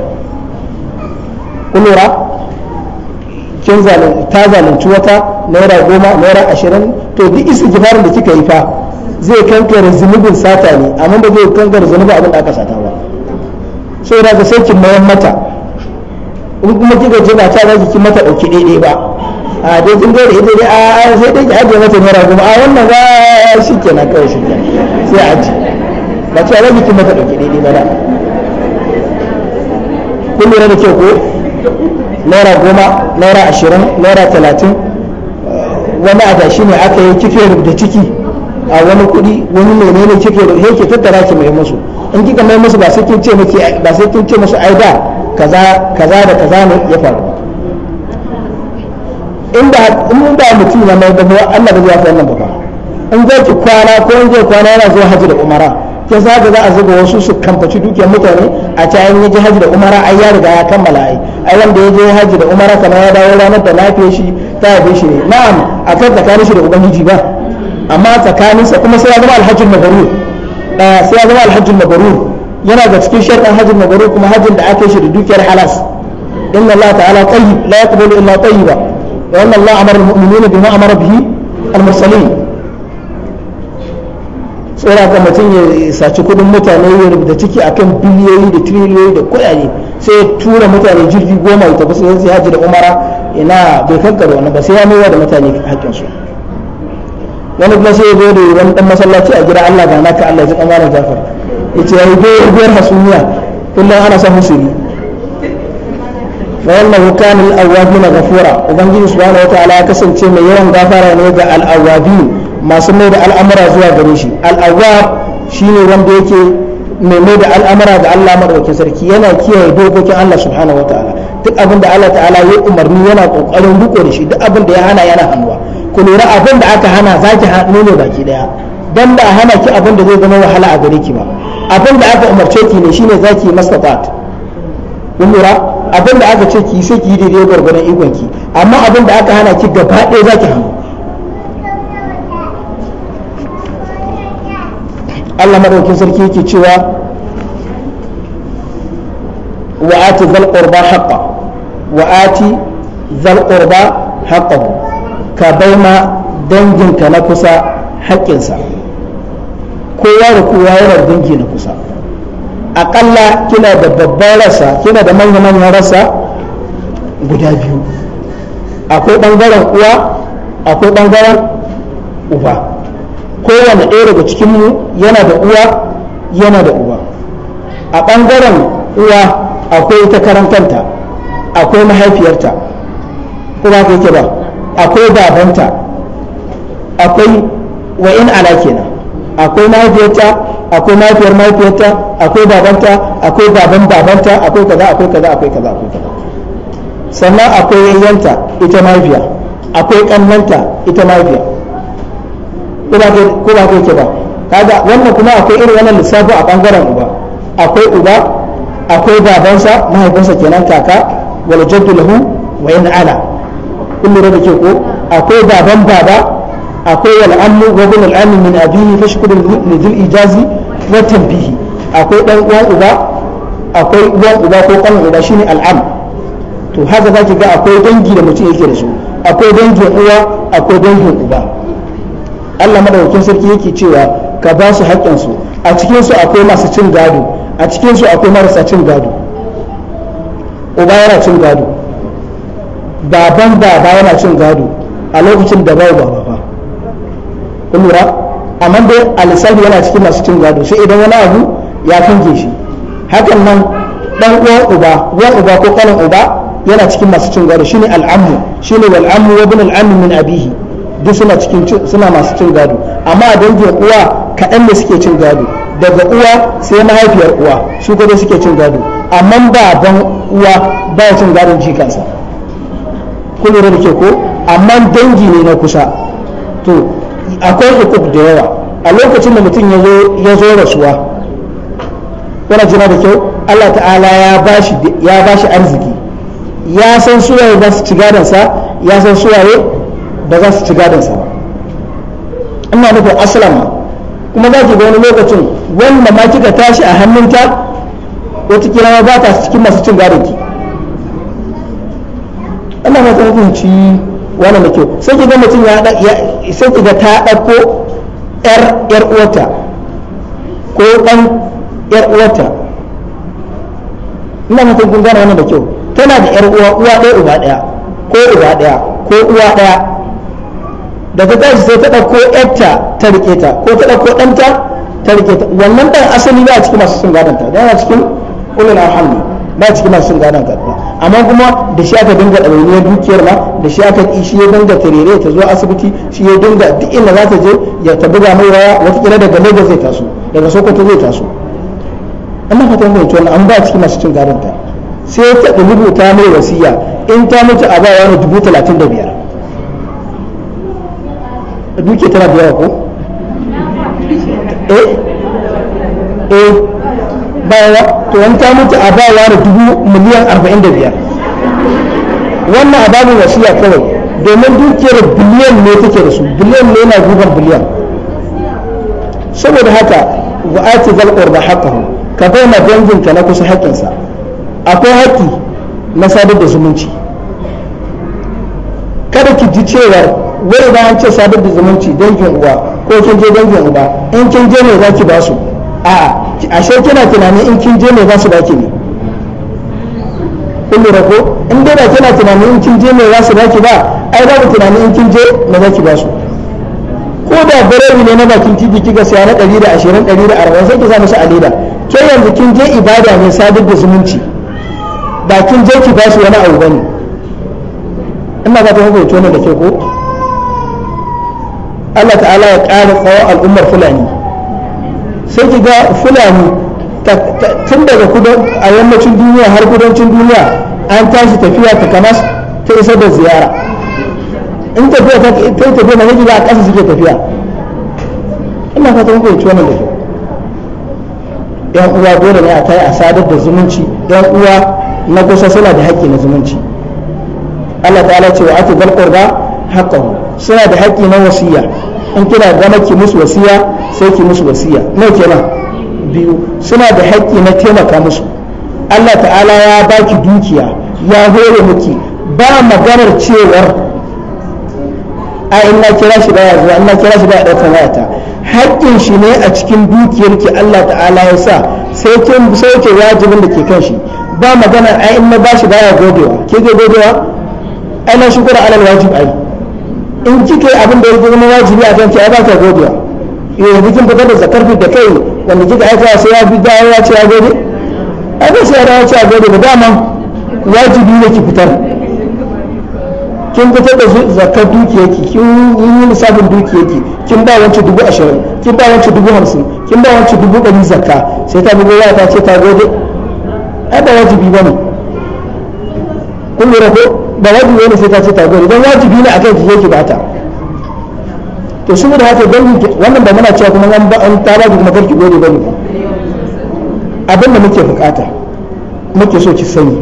kulura kin ta zalunci wata naira goma naira ashirin to duk istighfarin da kika yi fa zai kankare zunubin sata ne amma da zai kankare zunubin abin da aka sata ba sai da sai kin mayan mata in kuma kika ce ba ta za ki mata ɗauki daidai ba a dai kin gaira ita dai a sai dai ki aje mata naira goma a wannan ba shi kenan kawai shi kenan sai a ji ba ta za ki mata ɗauki daidai ba da kun lura da kyau ko naira goma naira ashirin naira talatin wani gashi ne aka yi kike da ciki a wani kuɗi wani menene kike da yake tattara ki mai musu in kika mai musu ba sai kin ce miki ba sai kin ce musu ai da kaza da kaza ne ya faru inda in ba mutum na mai dabo Allah ba zai wannan ba in zai ki kwana ko in zai kwana yana zuwa haji da umara ke za ga za a zuba wasu su kamfaci dukiyar mutane a cikin an yaji haji da umara ai ya riga ya kammala ai ai wanda ya je haji da umara kamar ya dawo ranar da lafiyar shi ta yabe shi ne na'am a kan tsakanin shi da ubangiji ba amma tsakaninsa kuma sai ya zama alhajjin mabrur eh, sai ya zama alhajjin mabrur yana ga cikin sharɗin hajjin mabrur kuma hajjin da aka yi shi da dukiyar halas inna Allah ta'ala tayyib la yaqbalu illa tayyiba wa inna Allah amara al-mu'minina bima amara bihi al-mursalin da ka mutum ya saci kudin mutane ya rubuta ciki akan biliyoyi da triliyoyi da kuɗaɗe sai ya tura mutane jirgi goma ya tafi sai haji da umara ina bai kankaro wani ba sai ya maiwa da mutane su wani kuma sai ya zo da wani dan masallaci a gida Allah ga naka Allah ya ji kamarin jafar yace yayi doguwar hasumiya kullum ana sa husuri fa wallahu kana al-awwabin ghafura ubangiji subhanahu wataala ya kasance mai yawan gafara ne ga al-awwabin masu mai da al'amura zuwa gare shi al shi ne wanda yake mai mai da al'amura ga Allah madaukakin sarki yana kiyaye dokokin Allah subhanahu wataala duk abin da Allah ta'ala ya umarni yana kokarin riko da shi duk abin da ya hana yana hannuwa ku lura abin da aka hana zaki hannu ne baki daya dan da hana ki abin da zai zama wahala a gare ki ba abin da aka umarce ki ne shine za ki mastafat kun lura abin da aka ce ki sai ki yi daidai gwargwadon ikon ki amma abin da aka hana ki gaba ɗaya za ki hannu Allah madaukin sarki yake cewa wa ati zal qurba haqqa wa ati zal qurba haqqahu ka baima danginka na kusa haƙƙinsa kowa da kowa yana dangi na kusa Aƙalla kina da babban rasa kina da manya manyan rasa guda biyu akwai bangaren uwa akwai bangaren uba kowane ɗaya daga cikinmu yana da uwa yana da uba a bangaren uwa akwai ta karantanta akwai mahaifiyarta kuma ka yake ba akwai babanta akwai wa'in ala kenan akwai mahaifiyarta akwai mahaifiyar mahaifiyarta akwai babanta akwai baban babanta akwai kaza akwai kaza akwai kaza akwai kaza sannan akwai yayyanta ita mahaifiya akwai kannanta ita mahaifiya ko ba ko ke ba kaga wannan kuma akwai irin wannan lissafi a bangaren uba akwai uba akwai babansa mahaifinsa kenan kaka wala jaddu lahu wa in ala kullu da ke ko akwai baban baba akwai wal'ammu wa bin al'amin min abihi fa shukuru lidil ijazi wa tanbihi akwai dan uwan uba akwai uwan uba ko kanin uba shine al'am to haka zaki ga akwai dangi da mutum yake da su akwai dangin uwa akwai dangin uba Allah madaukakin sarki yake cewa ka ba su haƙƙinsu a cikin su akwai masu cin gado a cikin su akwai marasa cin gado uba yana cin gado baban baba yana cin gado a lokacin da babu baba kun lura amma dai alisabi yana cikin masu cin gado sai idan wani abu ya finge shi hakan nan dan uwan uba uwan uba ko kalan uba yana cikin masu cin gado shine al'ammu shine wal ammu wa ibn al'ammi min abihi duk suna cikin suna masu cin gado amma a dangin uwa kaɗan ne suke cin gado daga uwa sai mahaifiyar uwa su kuma suke cin gado amma baban uwa baya cin gadon jikansa kun lura da ke ko amma dangi ne na kusa to akwai hukuk da yawa a lokacin da mutum ya zo rasuwa wani jira da kyau Allah ta'ala ya ba shi arziki ya san suwaye ba su ci gadansa ya san suwaye ba za su ci gadansa ba ina nufin asalama kuma za ki ga wani lokacin wanda ma kika tashi a hannunta watakila ma ba ta cikin masu cin gadonki Ina ba ta wannan da kyau sai ga mutum ya sai ta ɗauko yar yar uwata ko ɗan yar uwata ina mutum kun gane wannan da kyau tana da yar uwa uwa ɗaya uba ɗaya ko uba ɗaya ko uwa ɗaya daga tashi sai ta ɗauko yarta ta rike ta ko ta ɗauko ɗanta ta rike ta wannan ɗan asali ba a cikin masu sun gadanta da, yana cikin ulul arham ba a cikin masu sun gadanta ba amma kuma da shi aka dinga ɗawainiyar dukiyar ma da shi aka shi ya dinga tarere ta zuwa asibiti shi ya dinga duk inda za ta je ya ta buga mai waya watakila daga lagos zai taso daga sokoto zai taso amma ka tambaye wannan an ba cikin masu cin gadon ta sai ta rubuta mai wasiya in ta mutu a bawa na dubu talatin da biyar duke tana da yawa ko eh eh bayawa to wani ta mutu a bayawa da dubu miliyan arba'in da biyar wannan a babu wasiya kawai domin dukiyar biliyan ne take da su biliyan ne na guban biliyan saboda haka wa ati zal qurba haqqahu ka bayyana ka na kusa haƙƙinsa akwai haƙƙi na sadar da zumunci kada ki ji cewa wai ba an ce sadar da zumunci dangin uwa ko kin je dangin uba in kin je ne za ki ba su a'a ashe kina tunanin in kin je mai za su baki ne kun lura ko in dai ba kina tunanin in kin je mai za su baki ba ai ba ku tunanin in kin je mai za ki ba su ko da barewi ne na bakin titi kika siya na 120 140 sai ki sa a leda ke yanzu kin je ibada ne sadar da zumunci ba kin je ki ba su wani abu bane ina ba ta hukunci ne da ke ko Allah ta'ala ya ƙara tsawon al'ummar Fulani sai ki ga fulani tun daga kudan a yammacin duniya har kudancin duniya an tashi tafiya ta kamas ta isa da ziyara in tafiya ta yi tafiya na hajji a ƙasa suke tafiya ina fata muku yi wannan da ke yan uwa dole ne a kai a sadar da zumunci yan uwa na kusa suna da haƙƙi na zumunci Allah ta'ala ce wa ake bal qurba haqqahu suna da haƙƙi na wasiya in kina ga maki musu wasiya sai ki musu wasiya nawa kenan biyu suna da haƙƙi na taimaka musu Allah ta'ala ya baki dukiya ya hore miki ba maganar cewar a ina kira shi baya zuwa ina kira shi baya ɗaukar wayata haƙƙin shi ne a cikin dukiyarki Allah ta'ala ya sa sai ke sauke wajibin da ke kan shi ba magana a ina na bashi baya godewa ke ke godewa ai na shukura alal wajib ai in kike abin da ya zama wajibi a kan ki ai ba ka godewa yanzu kin fitar da zakar da kai wanda kika aika sai ya bi dawo ya ce ya gode ai ba sai ya ce ya gode ba dama wajibi ne ki fitar kin fitar da zakar dukiyarki kin yi lissafin dukiyarki kin ba wancan dubu ashirin kin ba wancan dubu hamsin kin ba wancan dubu ɗari zakka sai ta bugo ya ta ce ta gode ai ba wajibi ba ne kun lura ko ba wajibi ne sai ta ce ta gode don wajibi ne akan ki yake bata to saboda haka dalilin wannan ba muna cewa kuma an ba an ta ba kuma karki gode bane abin da muke bukata muke so ki sani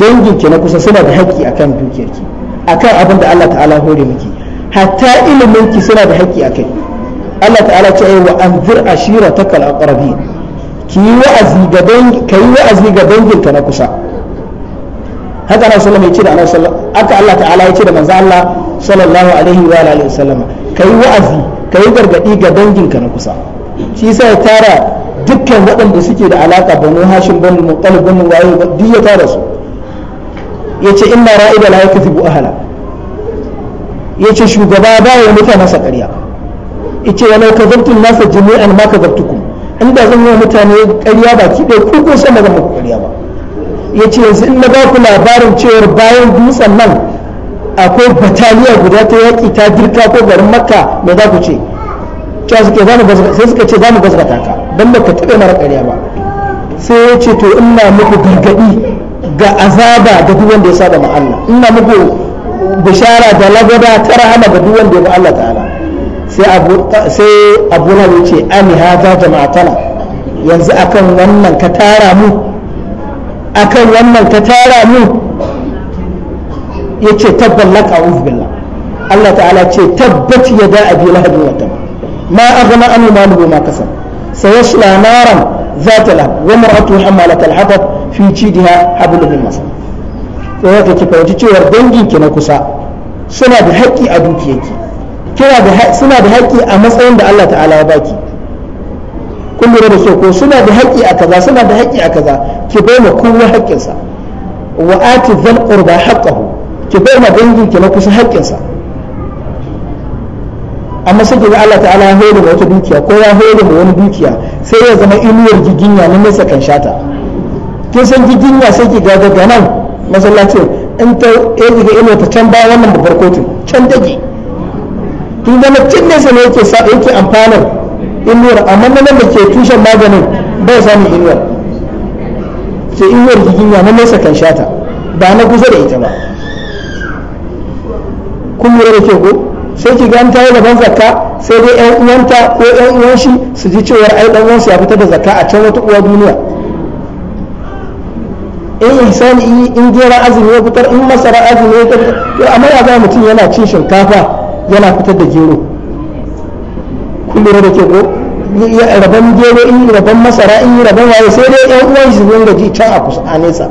dangin ki na kusa suna da haƙƙi akan dukiyar ki akan abin da Allah ta'ala hore miki hatta ilimin ki suna da haƙƙi akai Allah ta'ala ce wa anzir takal aqrabi ki yi wa'azi ga dangin ka yi wa'azi ga dangin ka na kusa haka na sallama ya da Allah aka Allah ta'ala ya ce da manzo Allah sallallahu alaihi wa alihi wasallama kai wa'azi kai gargadi ga danginka na kusa shi sai ya tara dukkan waɗanda suke da alaka banu hashim banu mutalib banu waye duk ya tara su yace inna ra'ida la yakzibu ahla yace shugaba ba ya mutu masa ƙarya yace walau kadabtun nasa jami'an ma kadabtukum inda zan yi mutane ƙarya ba ki dai ku ko san da muku ƙarya ba yace yanzu in na ba ku labarin cewar bayan dutsen nan akwai bataliya guda ta yaƙi ta jirka ko garin makka me za ku ce sai suka ce za mu gaskata ka don ba ka taɓa mara ƙarya ba sai ya ce to ina muku gargaɗi ga azaba da duk wanda ya saba ma Allah ina muku bishara da lagoda ta rahama ga duk wanda ya ba Allah ta'ala sai abu sai abu na ya ce ani hada jama'atana yanzu akan wannan ka tara mu akan wannan ka tara mu ya ce tabban laka a'udhu billah Allah ta'ala ce tabbat yada abi lahabin wa tab ma aghna anhu maluhu ma kasab sayasla naran ذات لهب وامرأته حمالة الحطب في جيدها حبل من masa sai ka ki fahimci dangin ki na kusa suna da haƙƙi a dukiyarki kina da suna da haƙƙi a matsayin da Allah ta'ala ya baki kun lura da so ko suna da haƙƙi a kaza suna da haƙƙi a kaza ki bai ma kowa haƙƙinsa wa ati dhal qurba haqqahu ki bai ma dangin ki na kusa haƙƙinsa amma sai ki ga Allah ta'ala ya hore da wata dukiya ko ya hore da wani dukiya sai ya zama inuwar giginya na nesa kan shata kin san giginya sai ki ga daga nan masallacin in ta yi ga inuwar ta can ba wannan babbar kotu can dage kin ga mutum ne sai yake sa yake amfanar inuwar amma nan da ke tushen maganin bai samun inuwar sai inuwar giginya na nesa kan shata ba na kusa da ita ba kun lura da ke ko sai ki gan ta yi daban zakka sai dai yan uwanta ko yan uwan shi su ji cewar ai dan su ya fitar da zakka a can wata uwa duniya in ihsani in gera azumi ya fitar in masara azumi ya fitar amma ya ga mutum yana cin shinkafa yana fitar da gero kun lura da ke ko rabon gero in rabon masara in rabon waye sai dai yan uwan shi dinga ji can a kusa a nesa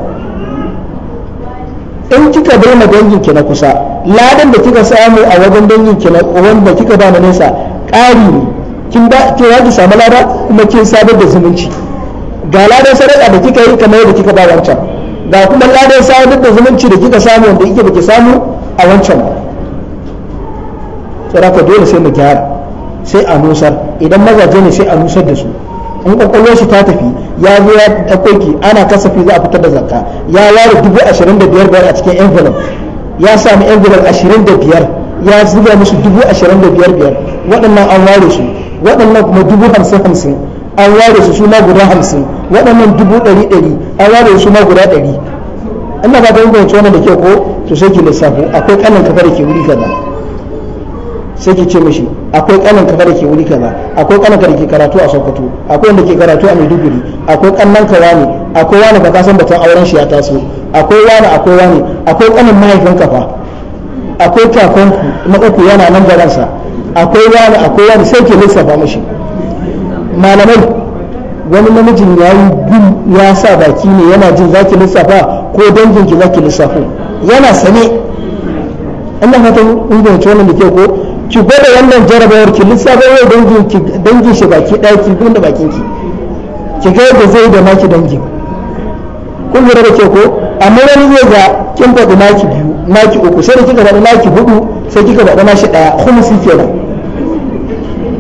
in kika daina dangin ki na kusa ladan da kika samu a wajen dangin ki wanda kika ba nesa ƙari ne kin ba kin wadi samu lada kuma kin sabar da zumunci ga ladan sadaka da kika yi kamar yadda kika ba wancan ga kuma ladan sabar da zumunci da kika samu wanda kike baki samu a wancan ba dole sai mu gyara sai a nusar idan mazaje ne sai a nusar da su in kwakwalwar shi ta tafi ya zo ya ɗauko ana kasafi za a fitar da zakka ya ware dubu ashirin da biyar bayar a cikin envelope ya sami envelope ashirin da biyar ya zuba musu dubu ashirin da biyar biyar waɗannan an ware su waɗannan kuma dubu hamsin hamsin an ware su suna guda hamsin waɗannan dubu ɗari ɗari an ware su suna guda ɗari ina ba ta yi kwanci wannan da ke ko to sai ki lissafo akwai kanan kafa da ke wuri kaza sai ki ce mishi akwai kanan kafa da ke wuri kaza akwai kanan da ke karatu a sokoto akwai wanda ke karatu a maiduguri akwai ƙannan kawa ne akwai wani ba kasan batun auren shi ya taso akwai wani akwai wani akwai kanin mahaifin kafa akwai kakon na uku yana nan da akwai wani akwai wani sai ke lissafa mashi malamai wani namijin ya yi bin ya sa baki ne yana jin za ki lissafa ko dangin ki zaki lissafo yana sane Allah fata in fahimci wannan da ke ko ki gwada wannan jarabawar ki lissafa yau dangin shi baki ɗaki, ki bin bakin ki ki ga yadda zai da maki dangin kun lura da ke ko amma wani zai ga kin faɗi maki biyu maki uku sai da kika faɗi maki hudu sai kika faɗi mashi ɗaya khumsi kenan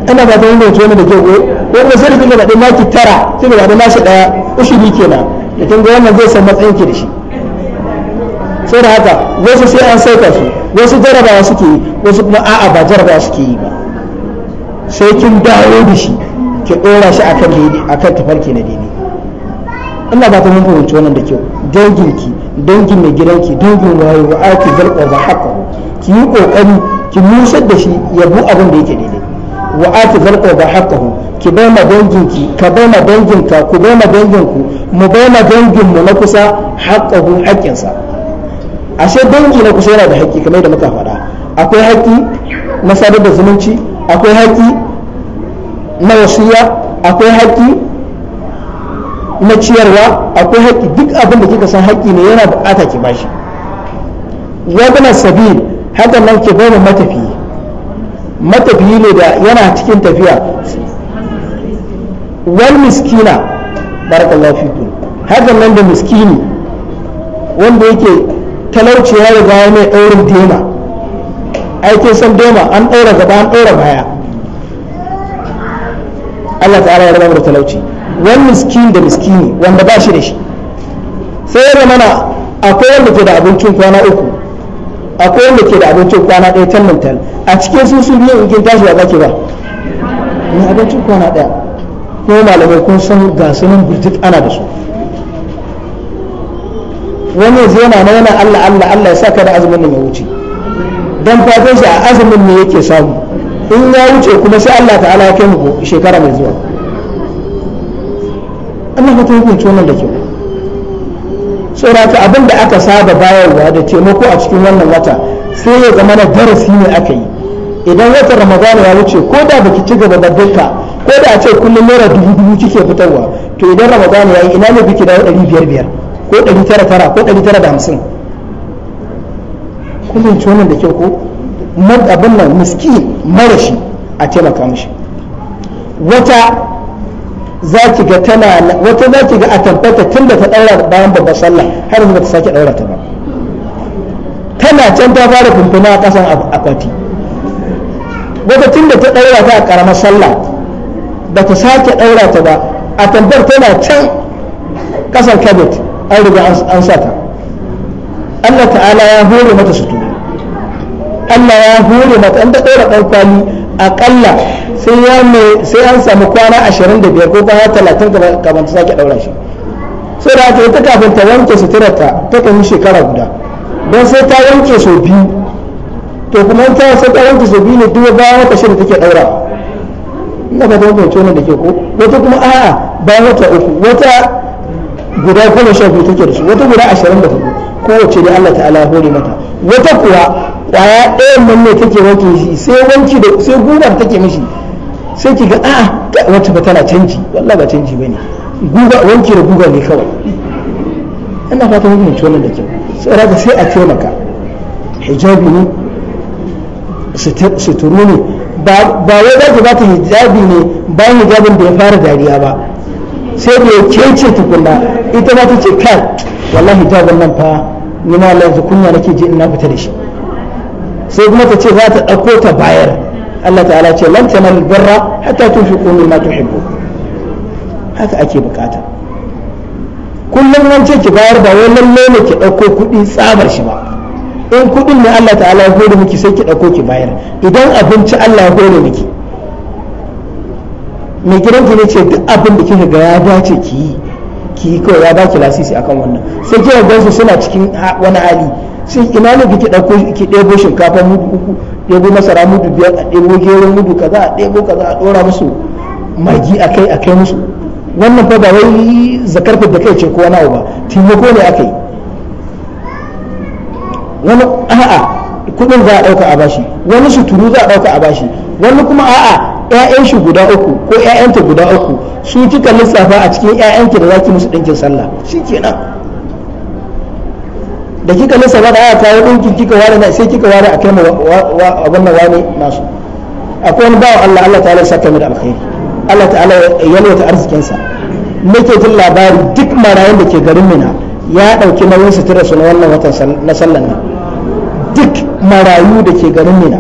ana ba ta yin wani da ke ko ko kuma sai da kika faɗi maki tara sai da faɗi mashi ɗaya ushiri kenan da kin ga wannan zai san matsayin ki da shi sai da haka wasu sai an sauka su wasu jarabawa suke yi wasu kuma a'a ba jarabawa suke yi ba sai kin dawo da shi ki ɗora shi akan kan tafarki na daidai Allah ba ta mun fahimci wannan da kyau danginki dangin mai gidanki dangin waye wa aki zalqa ba haka ki yi kokari ki nusar da shi ya bu abin da yake daidai wa aki zalqa ba haka ki bai ma danginki ka bai ma danginka ku bai ma danginku mu bai ma danginmu na kusa haƙahu haƙƙinsa ashe dangi na kusa yana da haƙƙi kamar da muka faɗa akwai haƙƙi na sadar da zumunci akwai haƙƙi na wasiya akwai haƙƙi na ciyarwa akwai haƙƙi duk abin da kika san haƙƙi ne yana buƙata ki bashi wabna sabi haka nan ke bai matafiyi matafiyi ne da yana cikin tafiya wal miskina barakallahu fiku haka nan da miskini wanda yake talauci ya riga ya mai ɗaurin dema aikin san dema an ɗaura gaba an ɗaura baya Allah ta'ala ya rabar talauci wani miskin da miskini wanda ba shi da shi sai ya mana akwai wanda ke da abincin kwana uku akwai wanda ke da abincin kwana ɗaya tan mintal a cikin su sun biyan ikin tashi ba ke ba ni abincin kwana ɗaya ko malamai kun san gasu nan burjit ana da su wani yanzu yana na yana Allah Allah Allah ya saka da azumin nan ya wuce dan fatan shi a azumin ne yake samu in ya wuce kuma sai Allah ta'ala ya kai mu shekara mai zuwa Allah mata hukunci wannan da kyau saboda abin da aka saba bayarwa da taimako a cikin wannan wata sai ya zama na darasi ne aka yi idan wata ramadana ya wuce ko da baki ci gaba da duka ko da a ce kullum naira dubu dubu kike fitarwa to idan ramadana ya yi ina ne biki dawo ɗari biyar biyar ko ɗari tara tara ko ɗari tara da hamsin kullum ci wannan da kyau ko mad abin nan miski marashi a taimaka mishi wata za ki ga tana wata za ki ga a tabbata tun da ta ɗaura bayan babbar sallah har yanzu ba ta sake ɗaura ta ba tana can ta fara kumfuna a ƙasan akwati wata tun da ta ɗaura ta a ƙaramar sallah ba ta sake ɗaura ta ba a tabbar tana can ƙasan kabit an riga an sa ta Allah ta'ala ya hore mata sutura Allah ya hore mata an ta ɗaura ɗan kwali akalla sai an samu kwana 25 ko kwana 30 kafin kamar sake daura shi sai da aka yi ta kafin ta wanke sutura ta kan yi shekara guda don sai ta wanke so biyu to kuma ta sai ta wanke so biyu ne duk bayan wata shirin take daura ina ba ta wanke wannan da ke ko wata kuma a'a bayan wata uku wata guda kuma sha biyu take da su. wata guda ashirin da kowace da Allah ta'ala ya mata wata kuwa kwaya ɗayan nan ne take wanke shi sai wanki da sai gugar take mishi sai ki ga a'a ah, wata ba tana canji wallahi ba canji bane guga wanki da guga ne kawai ina fata mun mutu wannan da kyau sai raka sai a taimaka hijabi ne suturu ne ba wai za ki ba ta hijabi ne bayan hijabin da ya fara dariya ba sai da ya kece tukunna ita ma ta ce kai wallahi hijabin nan fa ni ma yanzu kunya nake je ina fita da shi sai kuma ta ce za ta ɗauko ta bayar Allah ta'ala ce lan tanalu birra hatta tunfiqu ma tuhibbu haka ake bukata kullum nan ce ki bayar ba wai lalle ne ki ɗauko kuɗi tsabar shi ba in kuɗin ne Allah ta'ala ya gode miki sai ki ɗauko ki bayar idan abinci Allah ya gode miki mai gidan ki ne ce duk abin da kika ga ya dace ki yi ki yi kawai ya baki lasisi akan wannan sai kika gansu suna cikin wani hali Sai ina ne kike ɗauko ki ɗebo shinkafa mudu uku ɗebo masara mudu biyar a ɗebo gero mudu kaza a ɗebo kaza a ɗora musu magi a kai a kai musu wannan fa ba wai zakar da kai ce ko wani abu ba taimako ne aka yi wani a'a kuɗin za a ɗauka a bashi wani suturu za a ɗauka a bashi wani kuma a'a ƴaƴan shi guda uku ko ƴaƴanta guda uku su kika lissafa a cikin ƴaƴanki da zaki musu ɗinkin sallah shikenan da kika ba da aya ta yi ɗinkin kika ware na sai kika ware a kai abin da wani nasu akwai wani bawa Allah Allah ta'ala ya saka mai da alkhairi Allah ta'ala ya yalwata arzikinsa nake jin labari duk marayun da ke garin mina ya ɗauki nauyin sutura su na wannan watan na sallan nan duk marayu da ke garin mina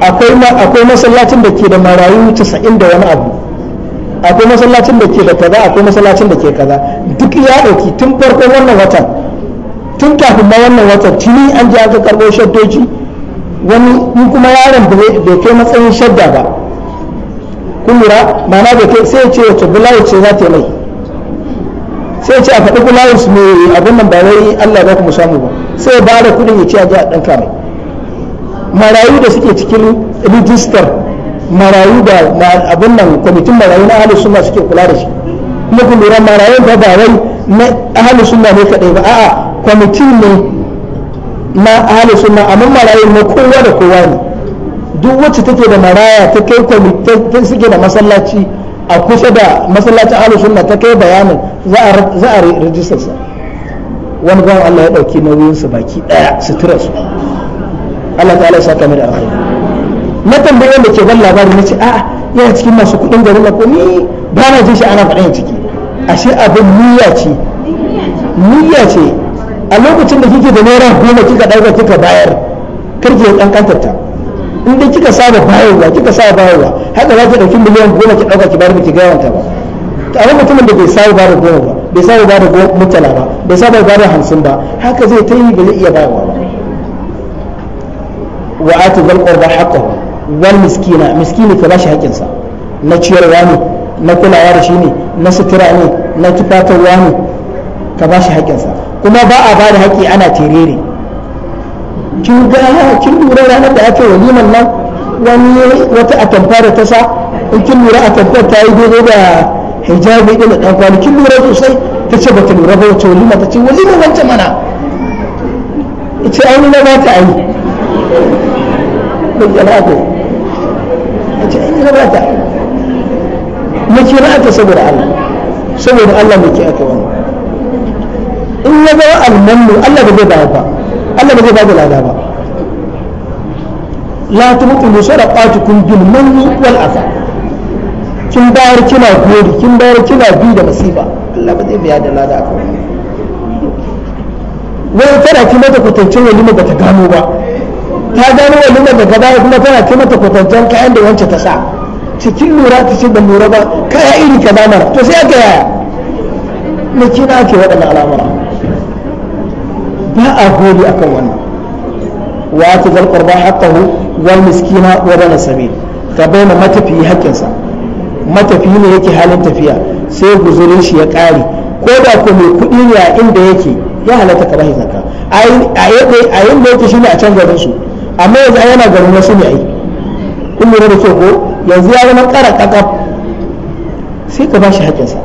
akwai masallacin da ke da marayu casa'in da wani abu akwai masallacin da ke da kaza akwai masallacin da ke kaza duk ya ɗauki tun farkon wannan watan tun kafin ma wannan watan tuni an ji aka karɓo shaddoji wani in kuma yaron bai kai matsayin shadda ba kun lura ma'ana bai kai sai ce wace bulawa ce za ta mai sai ce a faɗi bulawa su mai abin nan ba wai Allah ba kuma samu ba sai ba da kuɗin ya ce a ji a ɗan mai marayu da suke cikin rijistar marayu da abin nan kwamitin marayu na ahalus suna suke kula da shi kuma kun lura marayun ba ba wai na ahalus suna ne kaɗai ba a'a kwamiti ne na ahalin suna amma marayun na kowa da kowa ne duk wacce take da maraya ta kai kwamitin suke da masallaci a kusa da masallacin ahalin suna ta kai bayanin za a sa? wani bawan Allah ya ɗauki nauyinsu baki ɗaya sutura su Allah ta'ala ya kamar da alkhairi na tambayar da ke ban labarin na ce a yana cikin masu kuɗin garin ko ni ba na jin shi ana faɗin ciki ashe abin niyya ce niyya ce a lokacin da kike da naira goma kika dauka kika bayar karki ya kankantar ta in dai kika saba bayarwa kika saba bayarwa haka za ki dauki miliyan goma ki dauka ki bayar miki gawan ta ba to a mutumin da bai saba bayar goma ba bai saba bayar mutala ba bai saba bayar hamsin ba haka zai ta yi ba zai iya bayarwa ba wa atu zal qurba haqqahu wal miskina miskini ka bashi haƙƙinsa na ciyarwa ne na kulawa da shi ne na sutura ne na tufatarwa ne ka bashi haƙƙinsa kuma ba a ba da haƙƙi ana terere kin ga kin lura ranar da aka waliman nan wani wata atamfa da ta sa in kin lura atamfar ta yi daidai da hijabi din da kwali kin lura sosai ta ce ba ta lura ba wacce walima ta ce walima wancan mana ita ai ne ba ta yi bayyana ko a ce ai ne ba ta yi makira ta saboda Allah saboda Allah mai ke aka wani in ya zama almannu Allah ba zai bayar ba Allah ba zai bada lada ba la tubtilu sadaqatukum bil manni wal aza kin bayar kina gori kin bayar kina bi da masifa Allah ba zai biya da lada ka wai tana ki mata kwatancin walima ba ta gano ba ta gano walima daga baya kuma tana ki mata kwatancin kayan da wance ta sa cikin lura ta ce ban lura ba kaya iri kaza mara to sai aka yaya na kina ake waɗannan al'amura ba a hori akan wannan wa ta ba qurba haqqahu wal miskina wa bana sabi ka bayyana matafiyi haƙƙinsa matafiyi ne yake halin tafiya sai guzurin shi ya ƙare ko da ko mai kuɗi ne a inda yake ya halatta ka bashi zaka a yadda yake shi ne a can garin su amma yanzu ai yana garin wasu ne ai kun lura da kyau ko yanzu ya zama ƙara ƙaƙaf sai ka bashi haƙƙinsa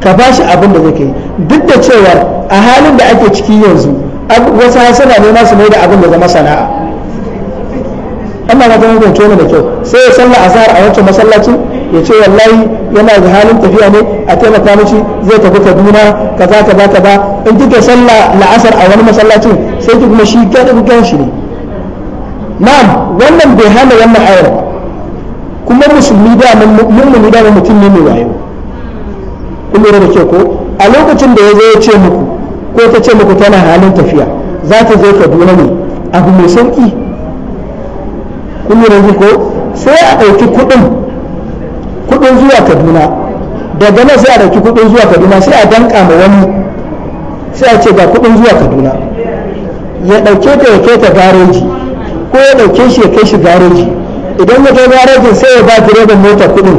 ka bashi abin da zai kai duk da cewa a halin da ake ciki yanzu wasu suna nema su mai da abin da zama sana'a amma na zama kwanci wani da kyau sai ya salla a azhar a wancan masallacin ya ce wallahi yana da halin tafiya ne a taimaka mishi zai tafi kaduna kaza kaza kaza in kika salla la'asar a wani masallacin sai ki kuma shi gadin ganshi ne na'am wannan bai hana wannan ayar ba kuma musulmi da mun da mutum ne mai wayo kun da ke ko a lokacin da ya zo ya ce muku ko ta ce muku tana halin tafiya za ta je kaduna ne abu mai sauki kun yi ko sai a ɗauki kuɗin kuɗin zuwa kaduna daga nan sai a ɗauki kuɗin zuwa kaduna sai a danka ma wani sai a ce ga kuɗin zuwa kaduna ya ɗauke ta ya kai ta gareji ko ya ɗauke shi ya kai shi gareji idan ya kai garejin sai ya ba direban mota kuɗin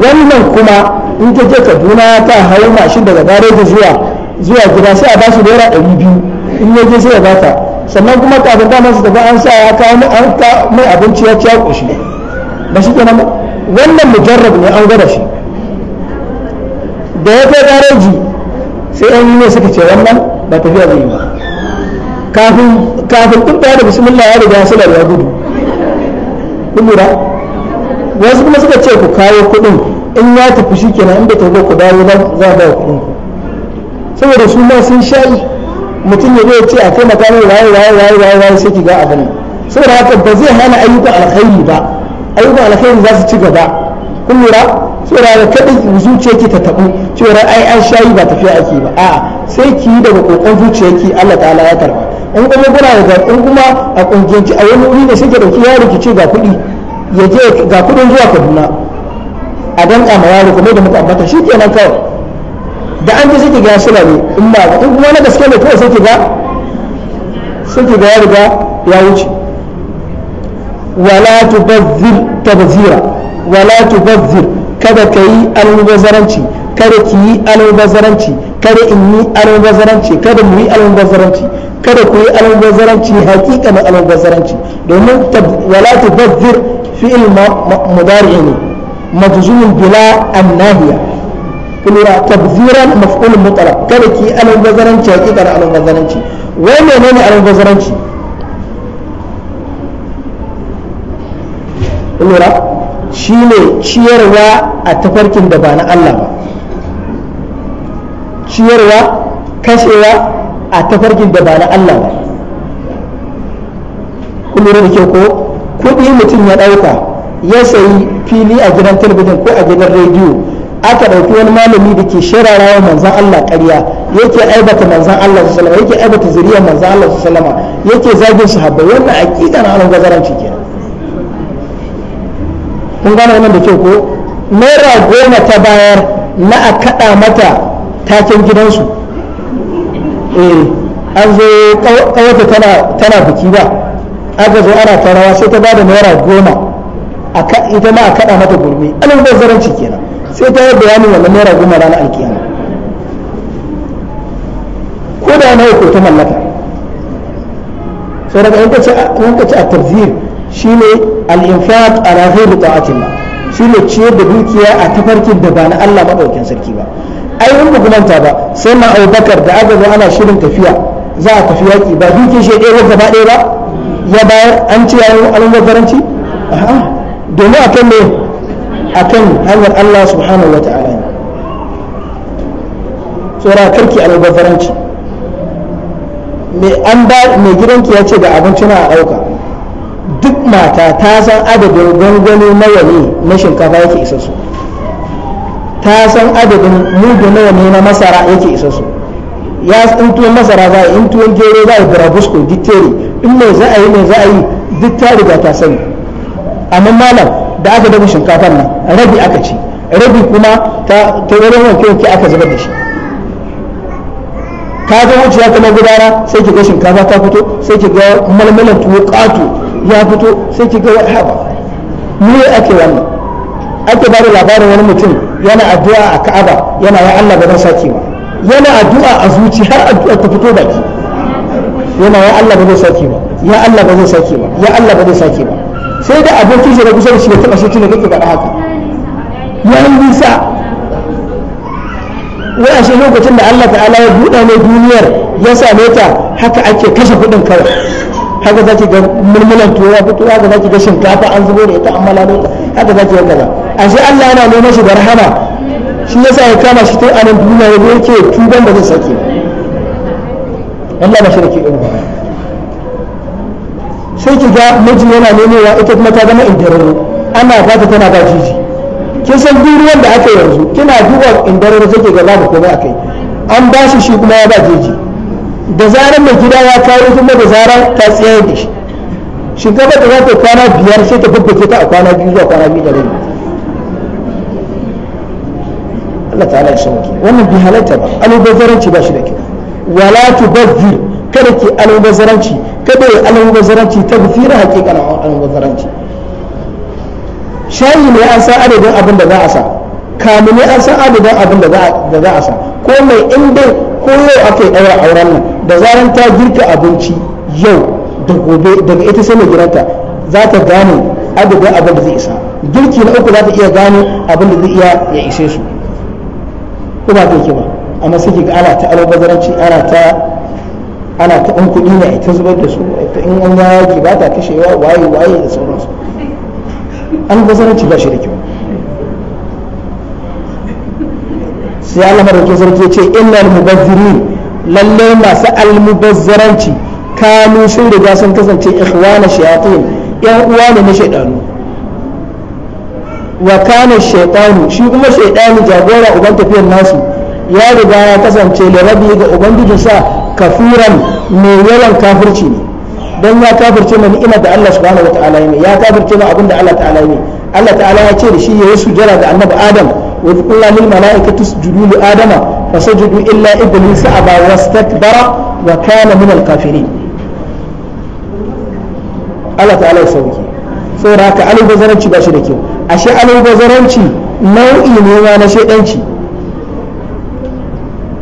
wannan kuma in ta je kaduna ta hau mashin daga gareji zuwa zuwa gida sai a ba su naira ɗari biyu in ya je sai ya bata sannan kuma kafin dama su tafi an sa ya kawo an ka mai abinci ya ci ya shi. ba shi kenan wannan mujarrab ne an gwada shi da ya kai garaji sai an yi suka ce wannan ba tafiya zai yi ba kafin kafin duk da bismillah ya riga sai ya gudu kun lura wasu kuma suka ce ku kawo kuɗin in ya tafi shi kenan inda ta ku dawo za a ba kuɗin ku saboda su ma sun shayi mutum ya zai ce a kai makamin waye waye waye waye waye sai kiga abin saboda haka ba zai hana ayyukan alkhairi ba ayyukan alkhairi za su ci gaba kun lura saboda haka kada ki ta tabu cewa ai an shayi ba tafiya ake ba a'a sai ki yi daga kokon ki Allah ta'ala ya karba in kuma kuna da in kuma a kungiyanci a wani wuri da suke dauki yaro ki ce ga kuɗi ya je ga kuɗin zuwa Kaduna a danƙa ma yaro kuma da muka ambata shi nan kawai da an ji suke ga suna ne in ba in kuma na gaske ne kawai suke ga suke ga ya riga ya wuce wala tubazzir tabzira wala tubazzir kada ka yi almubazaranci kada ki yi almubazaranci kada in yi almubazaranci kada mu yi almubazaranci kada ku yi almubazaranci hakikanin almubazaranci domin wala tubazzir fi'il mudari ne majzum bila annahiya kulura tabziran maf'ulun mutlaq kada ki alal bazaranci hakikar alal bazaranci wai menene alal bazaranci lura shine ciyarwa a tafarkin da ba na Allah ba ciyarwa kashewa a tafarkin da ba na Allah ba kun lura da ke ko kuɗi mutum ya ɗauka ya sayi fili a gidan talabijin ko a gidan rediyo aka ɗauki wani malami da ke shirara wa manzan Allah ƙarya yake aibata manzan Allah su salama yake aibata zuriyar manzan Allah su salama yake zagin sahabbai wannan a ƙiƙa na alon gazaranci cikin kun gane wannan da kyau ko naira goma ta bayar na a kaɗa mata taken gidansu eh an zo ƙawata tana biki ba aka zo ana ta rawa sai ta ba da naira goma ita ma a kaɗa mata gurmi alon cikin kenan sai ta yi bayanin wannan naira goma ranar alkiyama ko da nawa ko ta mallaka sai daga in ka ci a tafzir shine al-infaq ala ghairi shi ne ciyar da dukiya a tafarkin da ba na Allah madaukin sarki ba ai in ba ba sai na Abubakar da aka zo ana shirin tafiya za a tafi yaƙi ba dukiyar shi ɗaya gaba ɗaya ba ya bayar an ce yayin almubazzaranci domin a kan ne akan hanyar Allah subhanahu wa ta'ala ne tsora karki albazaranci mai gidanki ya ce da abinci na a ɗauka duk mata ta san adadin gwangwani nawa ne na shinkafa yake isa su ta san adadin mudu nawa ne na masara yake isa su ya in tuwon masara za a yi in tuwon gero za a yi burabusko duk tere in mai za a yi mai za a yi duk ta riga ta sani amma malam da aka dafa shinkafar nan rabi aka ci rabi kuma ta tauraron wanke wanke aka zubar da shi ka ga ya ta gudara sai ki ga shinkafa ta fito sai ki ga malmalan tuwo ƙato ya fito sai ki ga haba mu ake wannan ake ba da labarin wani mutum yana addu'a a ka'aba yana ya Allah ba zan kewa yana addu'a a zuci har addu'a ta fito baki yana ya Allah ba zai kewa ya Allah ba zai kewa ya Allah ba zai kewa. sai da abokin shi da kusa da shi ya taba shi tunda kake faɗa haka ya yi nisa wai ashe lokacin da Allah ta'ala ya buɗa mai duniyar ya same ta haka ake kashe kuɗin kawai haka za ki ga mulmulan tura fito haka za ki ga shinkafa an zubo da ita an mala ta haka za ki ga a ashe Allah yana neman shi da rahama shi yasa ya kama shi tun anan duniya ya yake tuban da zai sake Allah ba shi da ke ba. sai ki ga mijin yana nemewa ita kuma ta zama indararo ana fata tana ba jiji kin san duk ruwan da aka yanzu kina duba indararo take ga babu komai akai an ba shi shi kuma ya ba jiji da zarar mai gida ya kawo kuma da zarar ta tsayar da shi ga da za ta kwana biyar sai ta bubbuke ta a kwana biyu zuwa kwana biyu da rai Allah ta'ala ya sauke wannan bi halatta ba alubazaranci ba shi da kyau wala tubazzir kada ki alubazaranci kada ya almubazzaranci ta gafira hakikan almubazzaranci shayi ne an san adadin abin da za a sa kamu ne an san adadin abin da za a sa ko mai inda ko yau ake ɗaura auren nan da zaran ta girka abinci yau da gobe daga ita sai mai gidanta za ta gane adadin abin da zai isa girki na uku za ta iya gane abin da zai iya ya ishe su ko ba ta ba amma sai ki ga ala ta almubazzaranci ala ta ana ta an kuɗi ne a ta zubar da su ta in an yaji ba ta kashewa waye waye da sauransu an bazaranci ba shi da kyau sai Allah madauki sarki ya ce innal mubazzirin lalle masu almubazzaranci kanu sun riga sun kasance ikhwana shayatin yan uwa ne na shaidanu wa kana shaitanu shi kuma shaitanu jagora uban tafiyar nasu ya riga ya kasance lirabi ga ubangijinsa kafiran mai yawan kafirci ne don ya kafirce mai ni'imar da Allah subhanahu wa ta'ala ya ya kafirce mai abin da Allah ta'ala ya Allah ta'ala ya ce da shi ya yi sujjara ga annabi Adam wa qulna lil mala'ikati isjudu li adama fasajudu illa iblis aba wastakbara wa kana min al kafirin Allah ta'ala ya sauke saboda haka alubazaranci ba shi da kyau ashe alubazaranci nau'i ne na shaidanci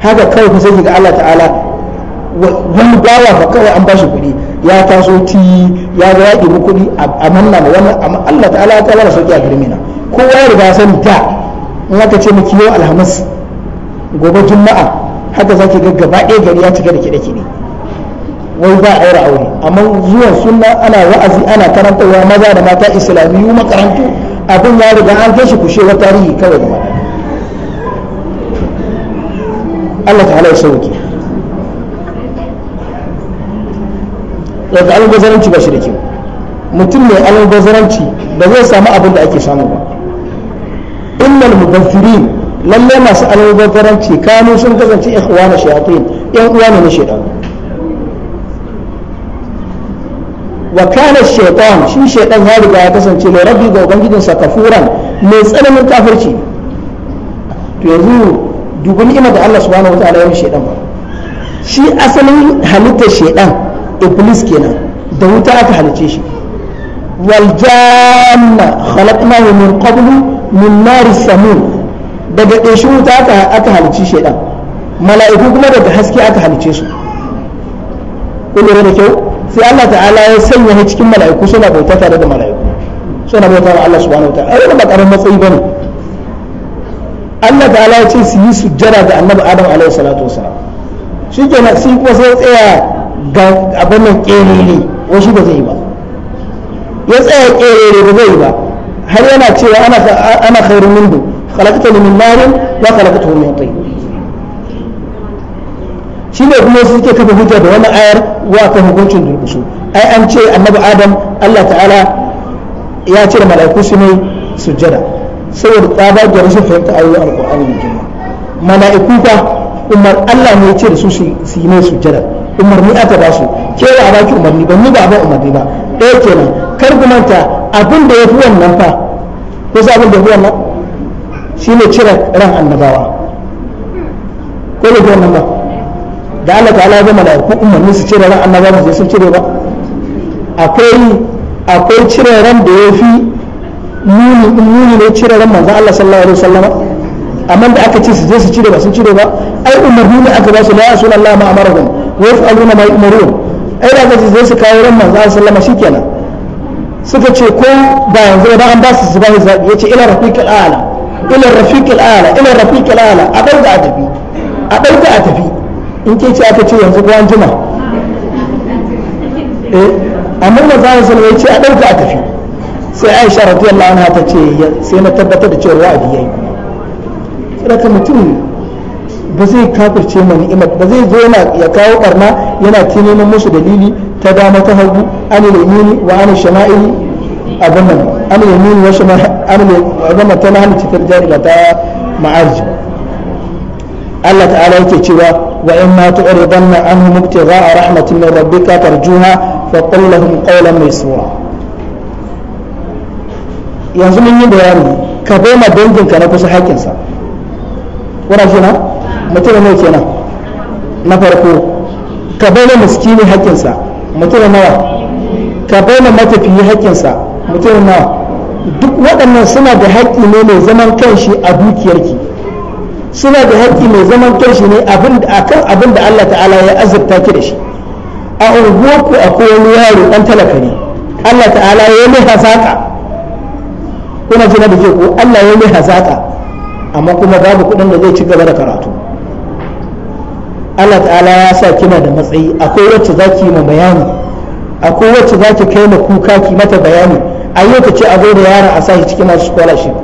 haka kawai fa sai ga Allah ta'ala wani bawa ba kawai an bashi kuɗi ya taso ti ya ga ya mu kuɗi a manna ma wani amma Allah ta'ala ta lara sauki a na kowa ya riga sani ta in aka ce miki yau alhamis gobe juma'a haka zaki ga gaba ɗaya gari ya cika da kiɗe-kiɗe wai ba a yi ra'aure amma zuwa sunna ana wa'azi ana karantarwa maza da mata islamiyu makarantu abin ya riga an kai shi kushewar tarihi kawai gaba Allah ta'ala ya sauke daga albazaranci ba shi da kyau mutum mai albazaranci ba zai samu abin da ake samu ba innal mubazzirin lalle masu albazaranci kanu sun kasance ikhwana shayatin yan uwa ne na shaytan wa kana shaytan shi shaytan ya riga ya kasance mai rabbi ga ubangijinsa kafuran mai tsananin kafirci to yanzu dubi ni'imar da Allah subhanahu wataala ya yi shaidan ba shi asalin halittar shaidan iblis kenan da wuta aka halice shi wal janna khalaqnahu min qablu min nar samun daga ƙeshin wuta aka halice shaidan mala'iku kuma daga haske aka halice su kun da kyau sai Allah ta'ala ya sanya cikin mala'iku suna bauta tare da mala'iku suna bauta wa Allah subhanahu wataala ai wannan ba karamin matsayi bane Allah ta'ala ya ce su yi sujjada ga annabi Adam alaihi salatu wasalam shikenan sai kuma sai tsaya ga abin nan kerere shi ba zai yi ba ya tsaya kerere ba zai yi ba har yana cewa ana ana khairun mindu khalaqtani min narin wa khalaqtahu min tin shi ne kuma suke kafa hujja da wannan ayar wa kan hukuncin durkusu ai an ce annabi Adam Allah ta'ala ya ce da mala'iku su ne sujjada saboda tsabagen rashin fahimta a alkur'ani mai girma mala'iku fa umar Allah ne ya ce da su su yi mai sujjada umarni aka ba su ke ba ba ki umarni ba ni ba a ba umarni ba ɗaya kenan kar ku manta abin da ya fi wannan fa ko sa abin da ya fi wannan Shi ne cire ran annabawa ko da wannan ba da Allah ta'ala ya ku umarni su cire ran annabawa su sun cire ba akwai akwai cire ran da ya fi nuni in nuni ne cire ran manzon Allah sallallahu alaihi wasallam amma da aka ce su je su cire ba sun cire ba ai umarni ne aka ba su la rasulullahi ma amarahum wa yaf'aluna ma yu'marun ai da aka ce su je su kawo ran manzon Allah sallallahu alaihi wasallam suka ce ko ba yanzu ba an ba su su ba zabi yace ila rafiqil a'la ila rafiqil a'la ila rafiqil a'la a dauka a tafi a dauka a tafi in ke ce aka ce yanzu ko an jima eh amma manzon Allah sallallahu alaihi wasallam yace a dauka a tafi sai aisha radiyallahu anha ta ce sai na tabbatar da cewa wa'adi yayi saboda mutum ba zai kafirce ma ni'imar ba zai zo yana ya kawo barna yana tunanin musu dalili ta dama ta hagu an yamini wa an shama'ili abin nan an yamini wa shama'ili abin nan tana lahani cikin jari ba ta ma'arji Allah ta'ala yake cewa wa in ma tu'ridanna anhum ibtigha'a rahmatin min rabbika tarjuha fa qul lahum qawlan maysura yanzu mun yi bayani ka bai ma danginka na kusa haƙƙinsa kuna shi na mutum ne kenan na farko ka bai ma miskini haƙƙinsa mutum nawa ka bai ma matafiyi haƙƙinsa mutum nawa duk waɗannan suna da haƙƙi ne mai zaman kanshi a dukiyarki suna da haƙƙi mai zaman kanshi ne akan abin da Allah ta'ala ya azurta ki da shi a unguwarku akwai wani yaro ɗan talaka ne Allah ta'ala ya yi hazaƙa kuna jina da ko Allah ya yi hazaka amma kuma babu kuɗin da zai ci gaba da karatu Allah ta'ala ya sa kina da matsayi akwai wacce za ki ma bayani akwai wacce za ki kai ma kuka ki mata bayani a yau ka ce a da yaron a sa shi cikin masu scholarship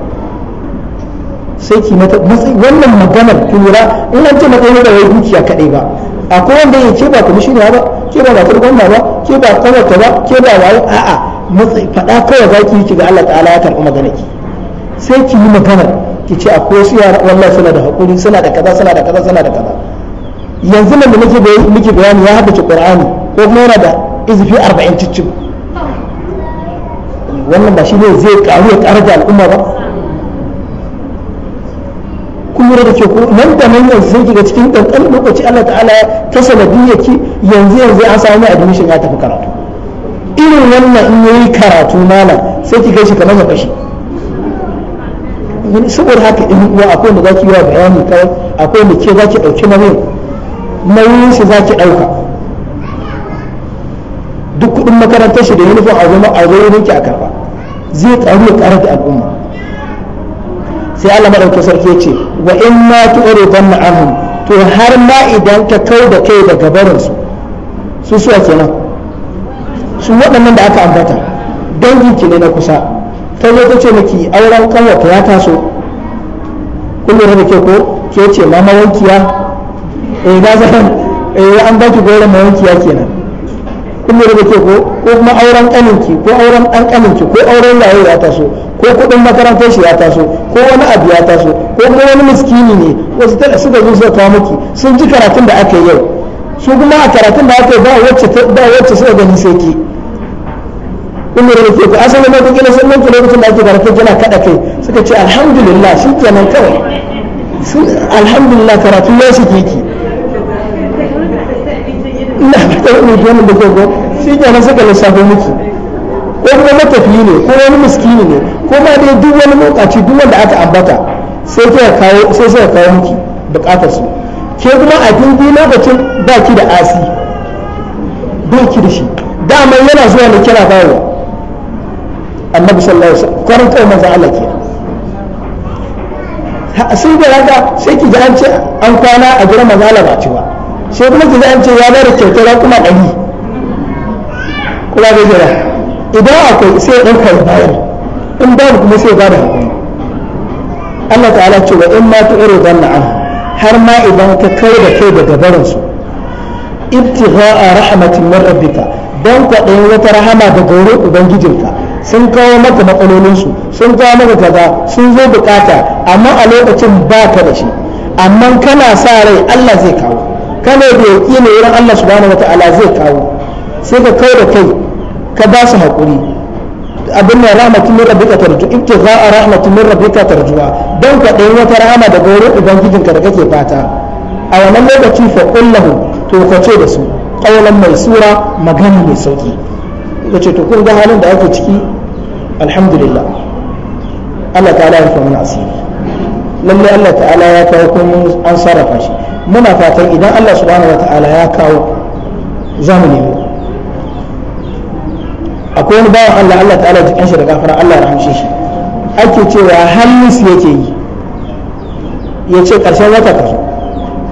sai ki mata wannan maganar tura in an ce matsayi da wai dukiya kadai ba akwai wanda ya ce ba kuma shi ne ba ke ba ba gwamna ba ke ba kawata ba ke ba waye a'a matsayi faɗa kawai za ki yi ki ga Allah ta'ala ya karɓi magana ki sai ki yi magana ki ce akwai wasu yara wallahi suna da haƙuri suna da kaza suna da kaza suna da kaza yanzu nan da nake miki bayani ya haɗa Qur'ani ko kuma yana da izifi 40 ciccin wannan ba shi ne zai karu ya ƙara da al'umma ba kun lura da ke ko nan da nan yanzu sai kiga cikin ƙanƙanin lokaci Allah ta'ala ta ki yanzu yanzu an samu admission ya tafi karatu irin wannan in yayi karatu malam sai ki gaishe kamar ya fashi saboda haka in uwa akwai da zaki yi wa bayani kai, akwai da ke zaki dauki nauyin nauyin shi zaki dauka duk kudin makarantar shi da uniform a zama a zai ninki a karba zai karu ya karar da al'umma sai Allah madaukakin sarki ya ce wa in ma tu'ridanna anhum to har ma idan ka kai da kai daga barin su su suwa kenan su waɗannan da aka ambata dangin ki ne na kusa ta zo ta ce maki auren ta ya taso kun lura da ke ko ke ce ma mawankiya eh da zan eh an baki gore mawankiya kenan kun lura da ke ko ko kuma auren kaninki ko auren dan kaninki ko auren yaye ya taso ko kuɗin makarantar shi ya taso ko wani abu ya taso ko kuma wani miskini ne wasu ta suka zo suka kawo miki sun ji karatun da aka yi yau su kuma a karatun da aka yi ba wacce ba wacce suka gani sai ki umar lura da ku asali ma kun gina sannan lokacin da ake karatun tana kada kai suka ce alhamdulillah shi kenan kawai alhamdulillah karatu ya shi kiki na fata ne gwanin da kogo shi kenan suka lissafa miki ko kuma matafiyi ne ko wani miskini ne ko ma dai duk wani mokaci duk wanda aka ambata sai kawo sai suka kawo miki bukatar su ke kuma a dindi lokacin baki da asi baki da shi dama yana zuwa ne kira bawa annabi sallallahu alaihi wasallam karin kai manzon Allah kenan sai da haka sai ki ji an ce an kwana a gidan manzon Allah ba ci ba sai kuma ki ji an ce ya ba da kyautar kuma ɗari kuma da jira idan akwai sai ya ɗauka ya bayar in babu kuma sai ya ba da hakuri Allah ta'ala ce wa in ma tu'iru danna an har ma idan ka kai da kai daga barinsu ibtigha'a rahmatin min rabbika don kwaɗayin wata rahama daga wurin ubangijinka sun kawo maka matsalolinsu sun kawo maka kaza sun zo bukata amma a lokacin ba ka da shi amma kana sa rai Allah zai kawo kana da yaƙi ne wurin Allah subhanahu wataala zai kawo sai ka kai da kai ka ba su haƙuri abin da rahmatin min rabbika tarju ibtigha'a rahmatin min rabbika tarjuwa dan ka dai wata rahama daga wurin ka da kake fata a wannan lokaci fa kullahu to ka ce da su qawlan mai sura magana mai sauki kace to kun ga halin da ake ciki alhamdulillah Allah ta'ala ya rufe mana asiri lalle Allah ta'ala ya kawo kuma an sarrafa shi muna fatan idan Allah subhanahu wa ta'ala ya kawo za mu akwai wani bawan Allah Allah ta'ala jikin shi da gafara Allah ya rahamshe shi ake cewa hannunsu yake yi ya ce ƙarshen wata kazo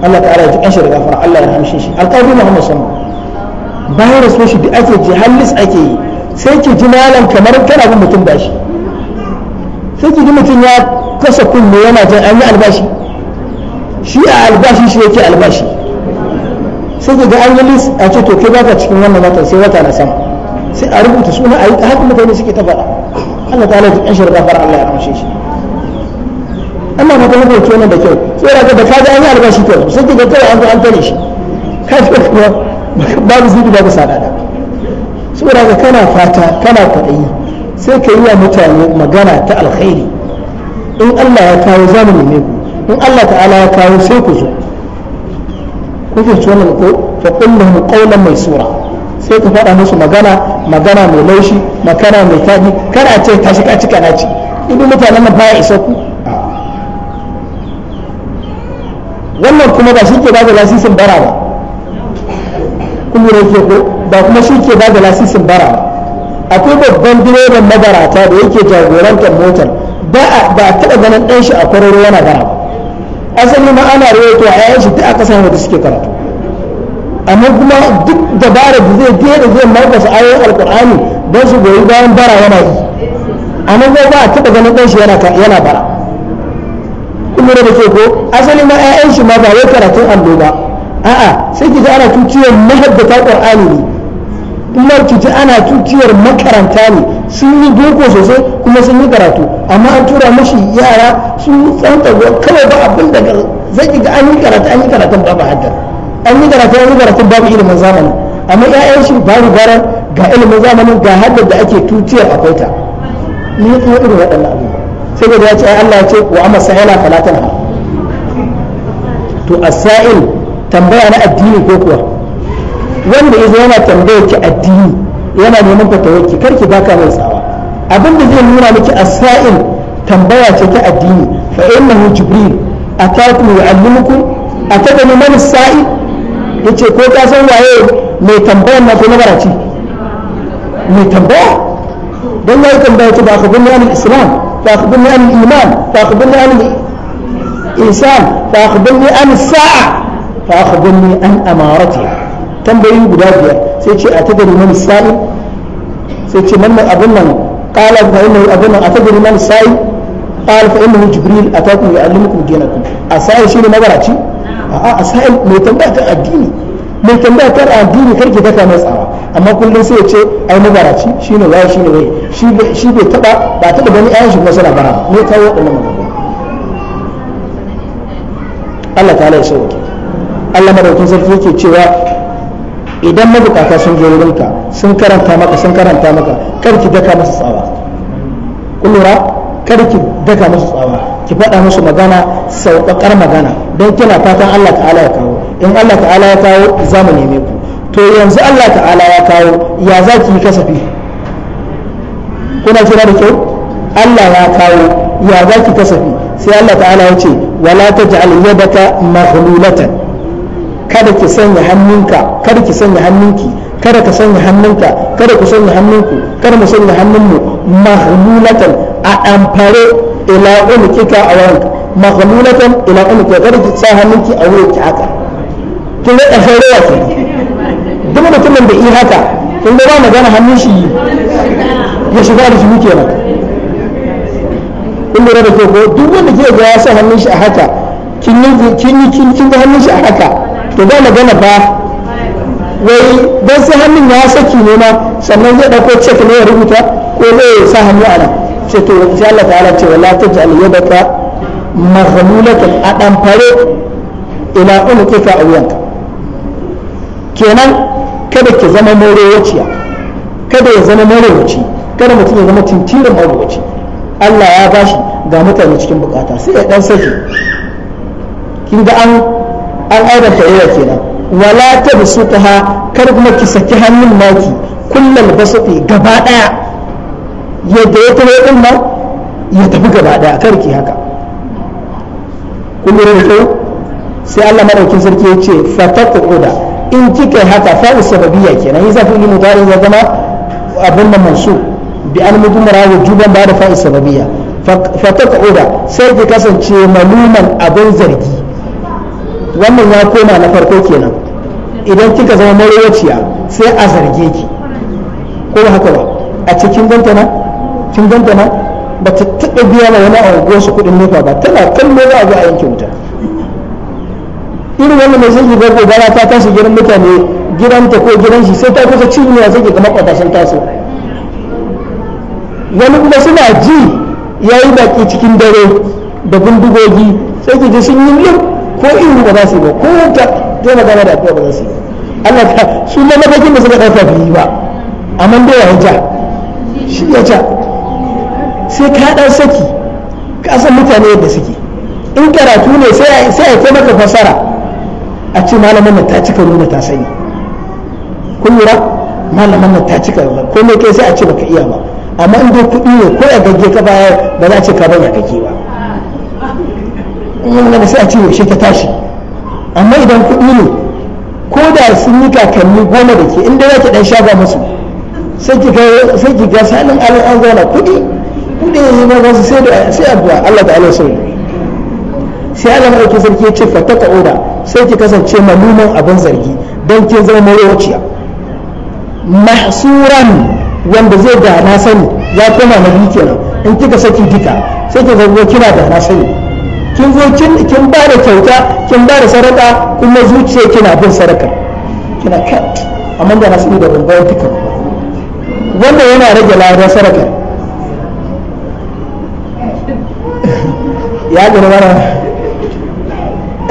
Allah ta'ala ya jikin shi da gafara Allah ya rahamshe shi alƙawari Muhammad sallallahu bayan rasuwar shi da ake ji hallis ake yi sai ki ji malam kamar kana bin mutum bashi sai ki ji mutum ya kasa kunne yana jin an yi albashi shi a albashi shi yake albashi sai ki ga an yi lis a ce to ke baka cikin wannan watan sai wata na sama sai a rubuta suna a yi haka mutane suke ta faɗa Allah ta halatta ƙanshin gafar Allah ya ramshe shi Allah ma ta mafarki wannan da kyau sai da ka ga an yi albashi to sai ki ga kawai an zo an tare shi kafin kuma babu zubi babu sadada saboda ka kana fata kana kwaɗayi sai ka yi wa mutane magana ta alkhairi in Allah ya kawo zamani ne ku in Allah ta'ala ya kawo sai ku zo ku fi wannan ko fa qulhum mai sura. sai ka faɗa musu magana magana mai laushi magana mai taji kana ce tashi ka cika na ci idan mutanen nan baya isa ku wannan kuma ba shi ke ba da lasisin bara ba kun lura ko ba kuma shi ke bada lasisin bara akwai babban direban mabarata da yake jagorantar motar ba a taɓa ganin ɗan shi a kwararo yana bara asali ma ana rawaito a yayin shi duk aka ƙasar wanda suke karatu amma kuma duk dabarar da zai da zai markasa ayoyin alkur'ani don su goyi bayan bara yana yi amma ko ba a taɓa ganin ɗan shi yana bara kuma da ke ko asali ma 'ya'yan shi ma ba wai karatun allo ba a'a sai ki ji ana tuciyar mahaddata qur'ani ne kuma ki ana tutiyar makaranta ne sun yi boko sosai kuma sun yi karatu amma an tura mashi yara sun tsanta kawai ba abin da zai ga an yi karatu an yi karatun ba haddar an yi karatu an yi karatun babu ilimin zamani amma ƴaƴan shi babu bara ga ilimin zamani ga haddar da ake tutiyar akwai ta ni kuma irin waɗannan abu sai da ya ce Allah ya ce wa amma sa'ila falatan to as-sa'il tambaya na addini ko kuwa wanda ya yana tambayar ki addini yana neman fatawarki kar ki baka mai tsawa abin da zai nuna miki asa'il tambaya ce ta addini fa innahu jibril ataku yu'allimukum atadani man sa'il yace ko ka san waye mai tambayar na ko na barace mai tambaya don ya tambaya ce ba ka bin an islam ba ka bin an iman ba ka bin an isan ba ka bin an sa'a ba ka bin an amarati tambayoyi guda biyar sai ce a tagari mani sa'i sai ce man abin nan qala fa innahu abin nan a tadari mani sa'i qala fa innahu jibril kuma ya'allimukum dinakum a sa'i shine magaraci a'a a sa'i mai tambaya ta addini mai tambaya ta addini kar ki daka matsawa amma kullum sai ya ce ai magaraci shine wai shine wai shi bai taba ba taba gani ayan shi kuma suna bara ne kawo wadannan magana Allah ta ya sauke Allah madaukin sarki yake cewa idan mabukata sun je wurinka sun karanta maka sun karanta maka kar ki daka musu tsawa kullura kar ki daka musu tsawa ki faɗa musu magana sauƙaƙar magana don kina fatan Allah ta'ala ya kawo in Allah ta'ala ya kawo za mu neme ku to yanzu Allah ta'ala ya kawo ya za ki yi kasafi kuna jira da kyau Allah ya kawo ya za ki kasafi sai Allah ta'ala ya ce wala taj'al yadaka maghlulatan kada ki sanya hannunka kada ki sanya hannunki kada ka sanya hannunka kada ku sanya hannunku kada mu sanya hannunmu mahlulatan a amfare ila umkika a wurin mahlulatan ila umkika kada ki sa hannunki a wurin ki haka kin ga kasar rawa ki duk mutumin da yi haka kin ga ba magana hannun shi ya shiga da shi kenan in lura da ko duk wanda ke ga ya sa hannun shi a haka kin yi kin yi kin ga hannun shi a haka to ba magana ba wai don sai hannun ya saki ne sannan zai ɗauko cek ne ya rubuta ko zai sa hannu ana ce to wani Allah ta'ala ce wala ta ji aliyadaka mahamulatan a ɗan fare ila unukika a wuyanka kenan kada ki zama morowaciya kada ya zama waci? kada mutum ya zama tintirin waci. Allah ya bashi ga mutane cikin bukata sai ya ɗan saki kin ga an an aidan ta iya kenan wala ta ha kar kuma ki saki hannun naki su basati gaba daya yadda ya taho din nan ya tafi gaba daya kar ki haka kullum da sai Allah madaukin sarki ya ce fataquda in kika haka fa sababiyya kenan in yasa fi mudari ya zama abin nan mansub bi an mudmara wujuban ba da fa sababiyya fataquda sai ki kasance maluman abin zargi wannan ya koma na farko kenan idan kika zama marwaciya sai a zarge ki ko haka ba a ce kin ganta na kin ganta na ba ta taɓa biya ma wani a su kuɗin nufa ba tana kallo za a a yanke wuta irin wannan mai zai bar gobara ta tashi gidan mutane gidanta ko gidan shi sai ta kusa cinyewa zai ki gama kwatashin taso wani kuma suna ji ya yi baki cikin dare da bindigogi sai ki ji sun yi ko ihu ba za su ba ko ta taimaka ma da addu'a ba za su yi Allah ta su na mafakin da suka ɗauka fi ba amma da ya ja shi ya ja sai ka ɗan saki ka san mutane yadda suke in karatu ne sai a taimaka fasara a ce malamin nan ta cika nuna ta sani kun lura malamin nan ta cika nuna komai kai sai a ce baka iya ba amma in dai kuɗi ne ko a gage ka baya ba za a ce ka banya kake ba in yi magana sai a ce yaushe ta tashi amma idan kuɗi ne ko da sun yi kakanni goma da ke inda za dan shafa musu sai ki ga sanin alin an zauna kuɗi kuɗi ya ma za su sai addu'a Allah da Allah sauri sai Allah mai sarki ya ce fataka oda sai ki kasance maluman abin zargi don kin zama mawuciya mahsuran wanda zai da na sani ya koma na biyu kenan in kika saki duka sai ki zama kina da na sani kin zo kin ba da kyauta kin ba da sadaka kuma zuciya kina bin sadaka kina kat amma da nasu da tuka yana rage ladan sadaka *laughs* ya gani mana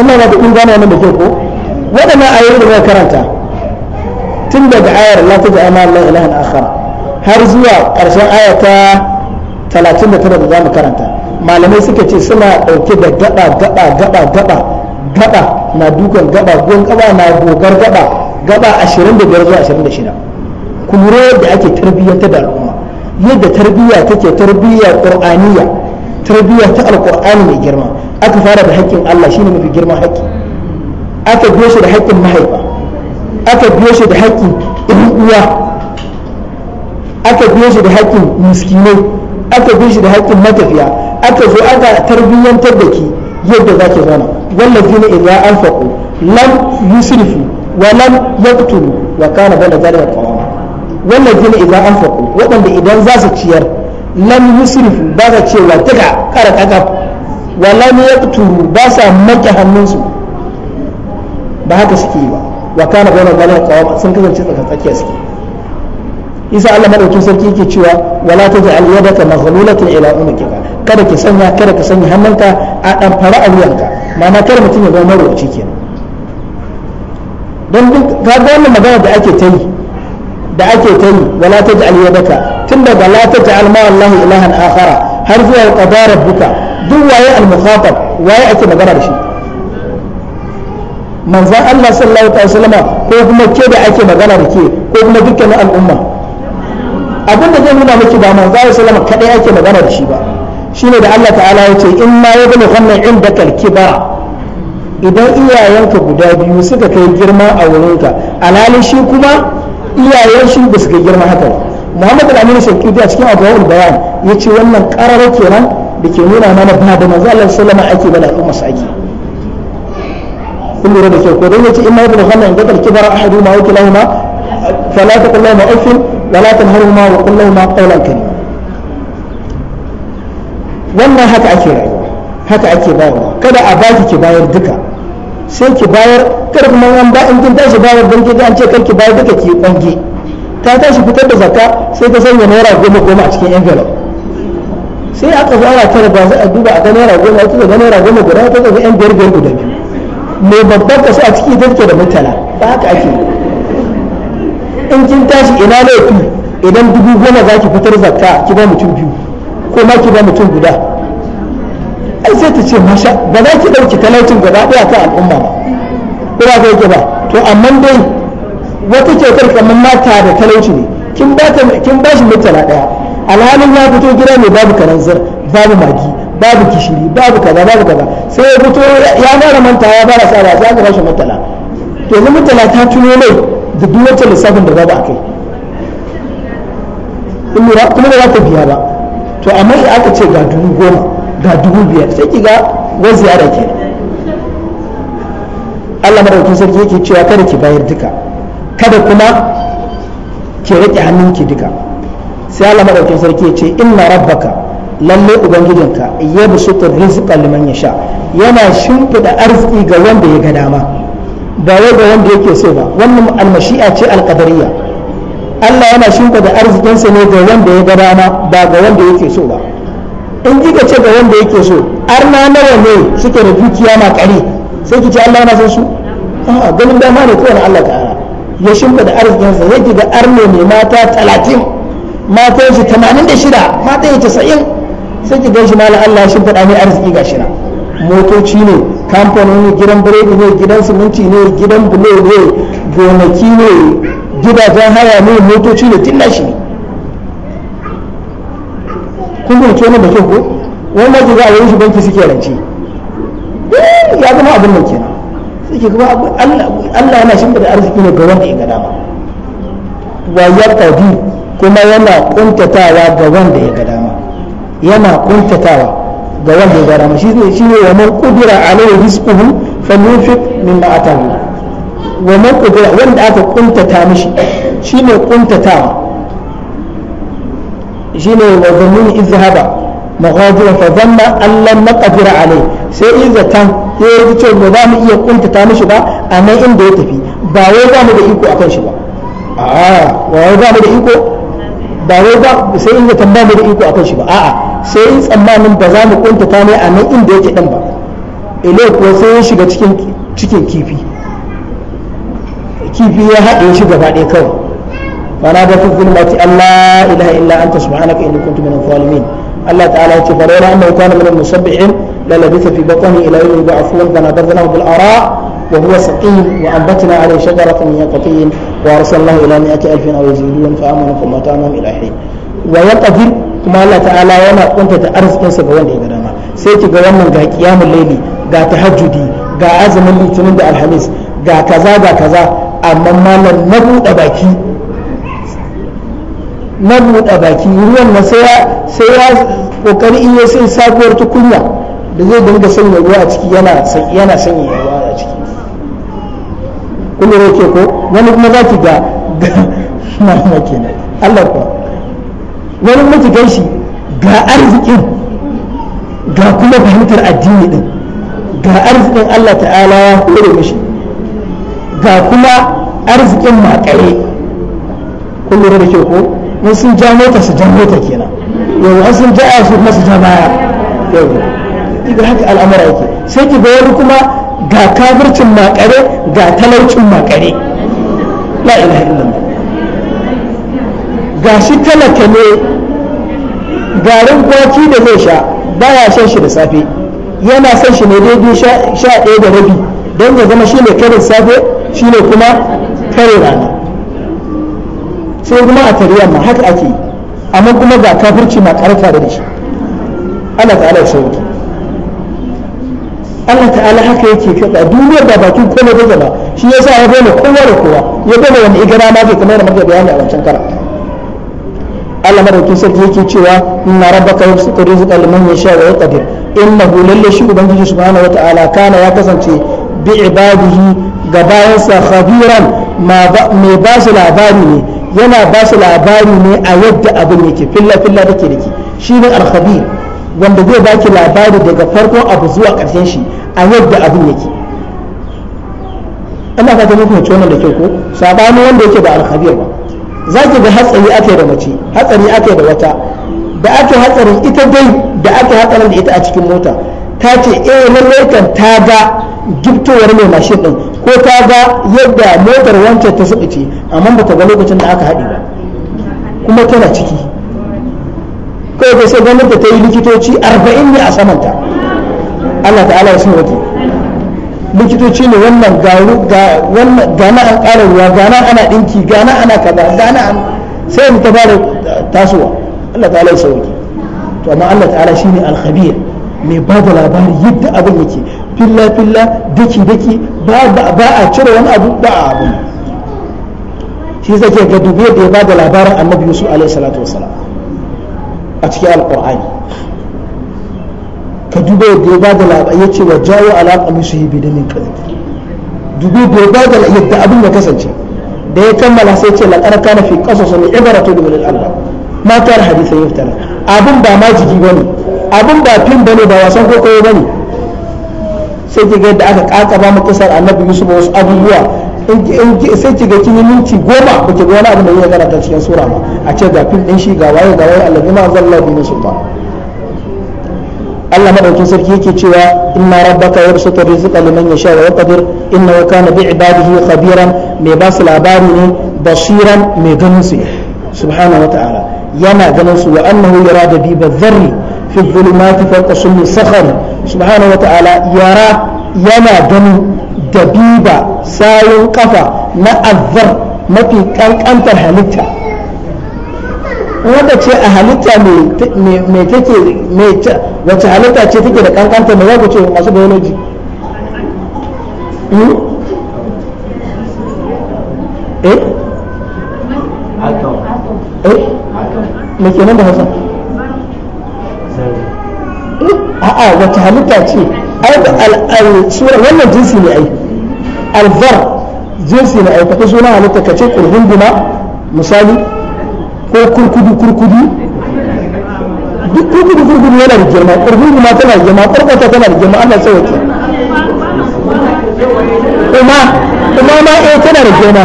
ina da kun gane da ke ko waɗannan ayoyi da muka karanta tun daga ayar la ta ja'ama Allah ilahan akhar har zuwa ƙarshen ayata 39 da za mu karanta malamai suka ce suna ɗauke da gaba gaba gaba gaba gaba na dukan gaba gon gaba na gogar gaba gaba 25 zuwa 26 kuma yadda ake tarbiyyantar da al'umma yadda tarbiyya take tarbiyya qur'aniyya tarbiyya ta alqur'ani mai girma aka fara da haƙƙin Allah shine mafi girman haƙƙi aka biyo shi da haƙƙin mahaifa aka biyo shi da haƙƙin uwa aka biyo shi da haƙƙin miskinai aka bi shi da haƙƙin matafiya aka zo aka tarbiyyantar da ki yadda za ki zauna wallazina idza anfaqu lam yusrifu wa lam yaqtulu wa kana bayna zalika qawama wallazina an anfaqu waɗanda idan za su ciyar lam yusrifu ba za cewa daga kara kaga wa lam yaqtulu ba sa maki hannunsu ba haka suke yi ba wa kana bayna zalika qawama sun kasance tsakatsakiya suke isa Allah madaukin sarki yake cewa wala taj'al yadaka maghlulatan ila umkika kada ki sanya kada ka sanya hannunka a dan fara a wuyanka ma'ana kar mutum ya zama roci kenan don duk ga wannan magana da ake ta yi da ake ta yi wala taj'al yadaka tun daga la taj'al ma Allah ilahan akhara har zuwa qada rabbuka duk waye al-mukhatab waye ake magana da shi manzan Allah sallallahu alaihi wasallam ko kuma ke da ake magana da ke ko kuma dukkanin al'umma abin da zai nuna miki ba manzo Allah sallama kadai ake magana da shi ba shine da Allah ta'ala ya ce in ma yablu khanna indaka al-kibara idan iyayenka guda biyu suka kai girma a wurinka alhalin shi kuma iyayen shi ba su kai girma haka ba muhammad al-amin shankiti a cikin abubuwan bayan ya ce wannan karara kenan da ke nuna mana ba da manzo Allah sallama ake ba da al'umma ake kun lura da kyau ko dan yace in ma yablu khanna indaka al-kibara ahaduma wa kilahuma fala taqul lahum uffin ولا تنهرهما وقل لهما قولا كريما wannan haka ake rayuwa haka ake bayarwa kada a baki ki bayar duka sai ki bayar kar kuma an ba in kin tashi bayar don ki an ce kar ki bayar duka ki kwange ta tashi fitar da zakka sai ta sanya naira goma goma a cikin envelope sai aka zo ana tara ba za a duba a ga naira goma ta ga naira goma guda ta ga yan biyar biyar guda biyu mai babbar kaso a ciki ita take da mutala ba haka ake yi in kin tashi ina laifi idan dubu goma za ki fitar zakka ki ba mutum biyu ko ma ki ba mutum guda ai sai ta ce masha ba za ki ɗauki talaucin gaba ɗaya ta al'umma ba ko ba ka ki ba to amma dai wata kyautar kamar mata da talauci ne kin ba shi mutala ɗaya alhalin ya fito gida ne babu karanzar babu magi babu gishiri babu kaza babu kaza sai ya fito ya fara manta ya fara sa ba za ka ba shi mutala to yanzu mutala ta tuno mai da duk wacce lissafin da ba a kai kuma ba za ta biya ba to amma ya aka ce ga dubu goma ga dubu biyar sai ki ga wani ziyara ke Allah madaukakin sarki yake cewa kada ki bayar duka kada kuma ki rike hannunki duka sai Allah madaukakin sarki ya ce inna rabbaka lalle ubangijinka ya busutu rizqa liman yasha yana shimfida arziki ga wanda ya ga dama ba wai da wanda yake so ba wannan almashi'a ce alqadariya Allah yana shuka da arzikinsa ne ga wanda ya ga ba ga wanda yake so ba in kika ce ga wanda yake so arna nawa ne suke da dukiya ma kare sai ki ce Allah yana son su a'a ganin dama ne kowane Allah ta'ala ya shimfa da arzikinsa ya ki ga arne ne mata talatin mata yanzu tamanin da shida matan casa'in sai ki gan shi malam Allah ya shimfiɗa ne arziki ga shina motoci ne ne gidan biredi ne gidan siminti ne gidan bulo ne gonaki ne gidajen haya ne motoci ne tilla shi ne kun gurce wani da kyau ko wannan ki za a yi shi banki suke rance eh, ya zama abin da kenan suke kuma Allah yana shimfa da arziki ne ga wanda ya ga dama wa ya kuma yana kuntatawa ga wanda ya ga dama yana kuntatawa ga wanda ya gara mu shi ne shi ne wa man qudira alaihi rizquhu falyunfiq mimma atahu wa man qudira wanda aka kuntata mishi shine kuntatawa shine wa zamuni izhaba maghadiran fa dhanna an lam naqdira alaihi sai izatan ya yi cewa ba za mu iya kuntata mishi ba a nan inda ya tafi ba wai za mu da iko a kan shi ba a'a ba wai za mu da iko ba wai sai inda tambaya mu da iko a kan shi ba a'a sai tsammanin ba za mu kuntata ne a nan inda yake dan ba ile kuwa sai ya shiga cikin kifi kifi ya haɗe shi gaba ɗaya kawai mana da fi zulmati Allah ilaha illa anta subhanaka inni kuntu minal zalimin Allah ta'ala ya ce fa lawla annahu kana minal musabbihin la labitha fi batnihi ila yawmi yub'athun fa nadarnahu bil ara wa huwa saqim wa anbatna alayhi shajaratan min yaqtin wa arsalnahu ila mi'ati alfin aw yazidun fa amanu kuma mata'amhum ila hin wa yaqdir kuma Allah ta'ala yana kuntata arzikinsa ga wanda ya ga dama sai ki ga wannan ga qiyamul laili ga tahajjudi ga azumin litinin da alhamis ga kaza ga kaza amma malam na buɗe baki na buɗe baki ruwan na sai ya kokari iya sai ta tukunya da zai dinga sanya ruwa a ciki yana yana sanya ruwa a ciki kullu ke ko wani kuma za ki ga *laughs* na kenan Allah ko wani mutugan shi ga arzikin ga kuma fahimtar addini din ga arzikin Allah ta'ala ya hore mashi ga kuma arzikin makare kun lura da ke ko in sun ja mota su ja mota kenan yau an sun ja su masu su ja baya yanzu idan haka al'amura yake sai ki ga wani kuma ga kafircin makare ga talaucin makare la ilaha illallah ga shi talaka ne garin kwaki da zai sha baya shan shi da safe yana son shi ne daidai sha ɗaya da rabi don ya zama shi ne karin safe shi ne kuma karin rana sai kuma a tariyar ma haka ake amma kuma ga kafirci ma karfa da shi Allah ta'ala ya sauki Allah ta'ala haka yake kaɗa duniyar da bakin kone da gaba shi ya sa ya bayyana kowa da kowa ya bayyana wani igana ma zai kamar da mafi bayani a wancan kara Allah madaukin sarki yake cewa inna rabbaka yabsutu rizqa liman yasha wa yaqdir innahu lalle shi ubangiji subhanahu wataala kana ya kasance bi ibadihi ga bayansa khabiran mai ba su labari ne yana ba su labari ne a yadda abin yake filla filla dake dake shi ne alkhabir wanda zai baki labari daga farkon abu zuwa karshen shi a yadda abin yake Allah ka ta muku wannan da kyau ko sabani wanda yake ba alkhabir ba za ki ga hatsari ake da mace hatsari ake da wata da ake hatsarin ita dai da ake hatsarin da ita a cikin mota ta ce eh lallai kan ta ga giftowar mai mashin din ko ta ga yadda motar wancan ta ce amma ta ga lokacin da aka haɗi ba kuma tana ciki kawai sai gwamnati ta yi likitoci arba'in ne a samanta Allah ta'ala ya sun wata likitoci ne wannan gana an ƙara ruwa gana ana ɗinki gana ana kaza gana an sai mu ta fara tasowa Allah ta'ala ya sauki to amma Allah ta'ala shi ne khabir mai ba da labari yadda abin yake filla filla daki daki ba a cire wani abu ba a abu shi zake ga dubi da ya ba da labarin annabi Yusuf alaihi salatu wasalam a cikin alqur'ani ka duba yadda ya ba da labarai ya ce wa jawo alaƙa musu yi bi da min kadin dubu da ya ba da yadda abin ya kasance da ya kammala sai ce laƙar kana fi ƙasasa mai ibaratu da wani alba matar hadisai ya fitar abin ba ma jiki ba ne abin ba fim ba ne ba wasan kwaikwayo ba ne sai ki ga yadda aka ba mu kisar annabi yusuf wasu abubuwa sai ki ga kin yi minti goma ba ki ga wani abu da ya ta cikin sura ba a ce ga fim ɗin shi ga waye ga waye allazi ma zalla bi ba. Allah madaukin sarki yake cewa inna rabbaka yabsutu rizqa liman yasha wa yaqdir innahu kana bi ibadihi khabiran mai ba su labari ne basiran mai ganin su subhanahu wataala yana ganin su wa annahu yara da bi badharri fi dhulumati fawqa summi sakhari subhanahu wataala yara yana ganin dabiba sayin kafa na azzar mafi kankantar halitta wanda ce a halitta mai take mai halitta ce take da kankanta mai za ce masu biology hmm? eh eh kenan da hausa ce wannan jinsi ne ai alvar jinsi ne suna halitta ka ce misali ko kurkudu kurkudu duk kurkudu kurkudu yana da girma kurkudu ma tana da girma kurkudu tana da girma Allah wace kuma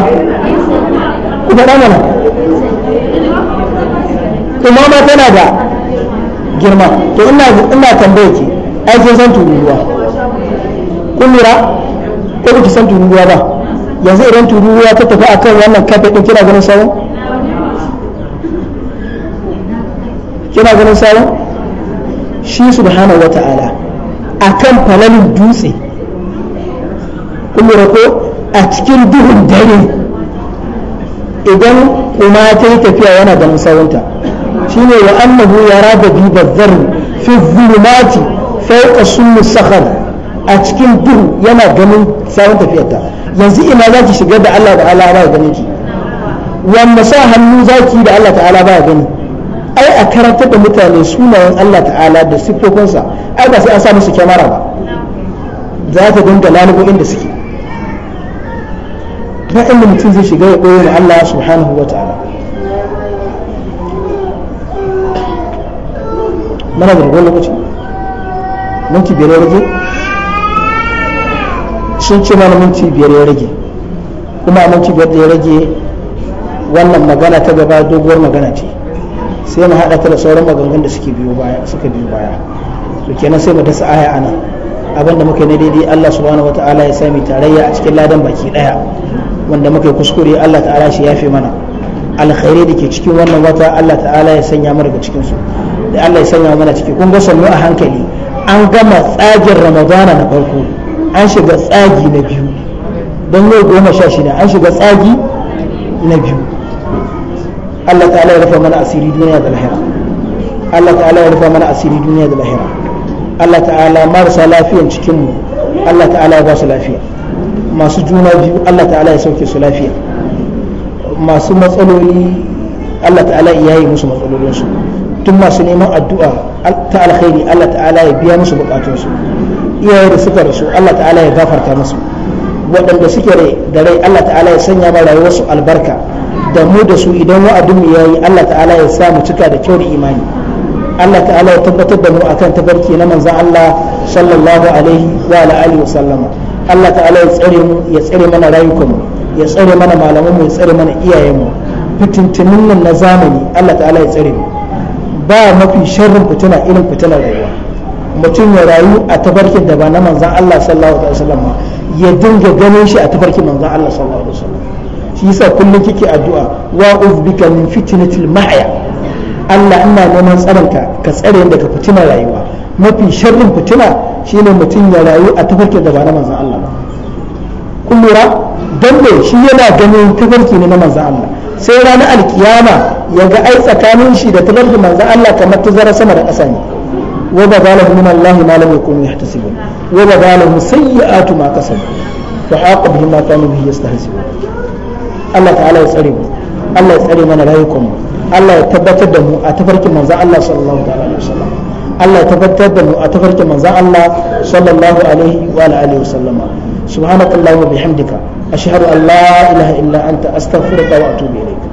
kuma ma eh tana da girma ku faɗa mana kuma ma tana da girma to ina ina tambaye ki ai kin san tururuwa kun lura ko ki san tururuwa ba yanzu idan tururuwa ta tafi akan wannan kafe din kina ganin sauran kina ganin sabon shi subhanahu A kan falalin dutse kun ko a cikin duhun dare idan kuma ta yi tafiya yana ganin sawunta shine wa annahu yara da bi bazzar fi zulumati fawqa summi sakhar a cikin duhu yana ganin sawun tafiyarta yanzu ina za ki shiga da Allah da Allah ba ganin ki wanda sa hannu za ki da Allah ta'ala ba gani ai a karanta da mutane sunayen Allah ta'ala da siffofinsa ai ba sai an sa musu kyamara ba za ta dinga lalubo inda suke ta inda mutum zai shiga ya ɓoye Allah subhanahu wa ta'ala mana da ragon lokaci minti biyar ya rage sun ce mana minti biyar ya rage kuma minti biyar da ya rage wannan magana ta gaba doguwar magana ce sai mu haɗa ta da sauran magangan da suke biyo baya suka biyo baya to kenan sai mu dasa aya anan abinda muka na daidai Allah subhanahu wataala ya sami tarayya a cikin ladan baki daya wanda muka yi kuskure Allah ta'ala shi yafe mana alkhairai da ke cikin wannan wata Allah ta'ala ya sanya mu daga cikin su da Allah ya sanya mana ciki kun ga sannu a hankali an gama tsagin ramadana na farko an shiga tsagi na biyu don yau goma sha shida an shiga tsagi na biyu Allah ta'ala ya rufa mana asiri duniya da lahira Allah ta'ala ya rufa mana asiri duniya da lahira Allah ta'ala marasa lafiyan cikin mu Allah ta'ala ya ba su lafiya masu juna biyu Allah ta'ala ya sauke su lafiya masu matsaloli Allah ta'ala ya yi musu matsalolinsu tun masu neman addu'a ta alkhairi Allah ta'ala ya biya musu bukatunsu iyaye da suka rasu Allah ta'ala ya gafarta musu waɗanda suke da rai Allah ta'ala ya sanya ma rayuwarsu albarka da mu da su idan wa'adinmu ya yi Allah ta'ala ya sa mu cika da kyau da imani Allah ta'ala ya tabbatar da mu akan tabarki na manzan Allah sallallahu alaihi wa alihi wa sallama Allah ta'ala ya tsare mu ya tsare mana mu ya tsare mana malaman mu ya tsare mana mu fitintunin nan na zamani Allah ta'ala ya tsare mu ba mafi sharrin fitina irin fitinar rayuwa mutum ya rayu a tabarkin da ba na manzan Allah sallallahu alaihi wa sallama ya dinga ganin shi a tabarkin manzan Allah sallallahu alaihi wa sallama shi yasa kullum kike addu'a wa uzbika min fitnatil mahya Allah ina neman tsaronka ka tsare ka fitinar rayuwa mafi sharrin fitina shine mutum ya rayu a tafarkin da ba na manzon Allah ba kun lura dan shi yana ganin tafarki ne na manzon Allah sai ranar alkiyama ya ga ai tsakanin shi da tafarkin manzon Allah kamar tazara sama da ƙasa ne wa ba zalahu min Allah ma lam yakunu yahtasibun wa ba zalahu sayyi'atu ma kasabu fa haqa ma kanu bihi yastahzi'un Allah ta'ala ya tsare mu Allah ya tsare mana rayukan mu Allah ya tabbatar da mu a tafarkin manzon Allah sallallahu alaihi Allah ya tabbatar da mu a tafarkin Allah sallallahu alaihi wa alihi wasallam subhanakallahumma bihamdika ashhadu an la ilaha illa anta astaghfiruka wa atubu ilayk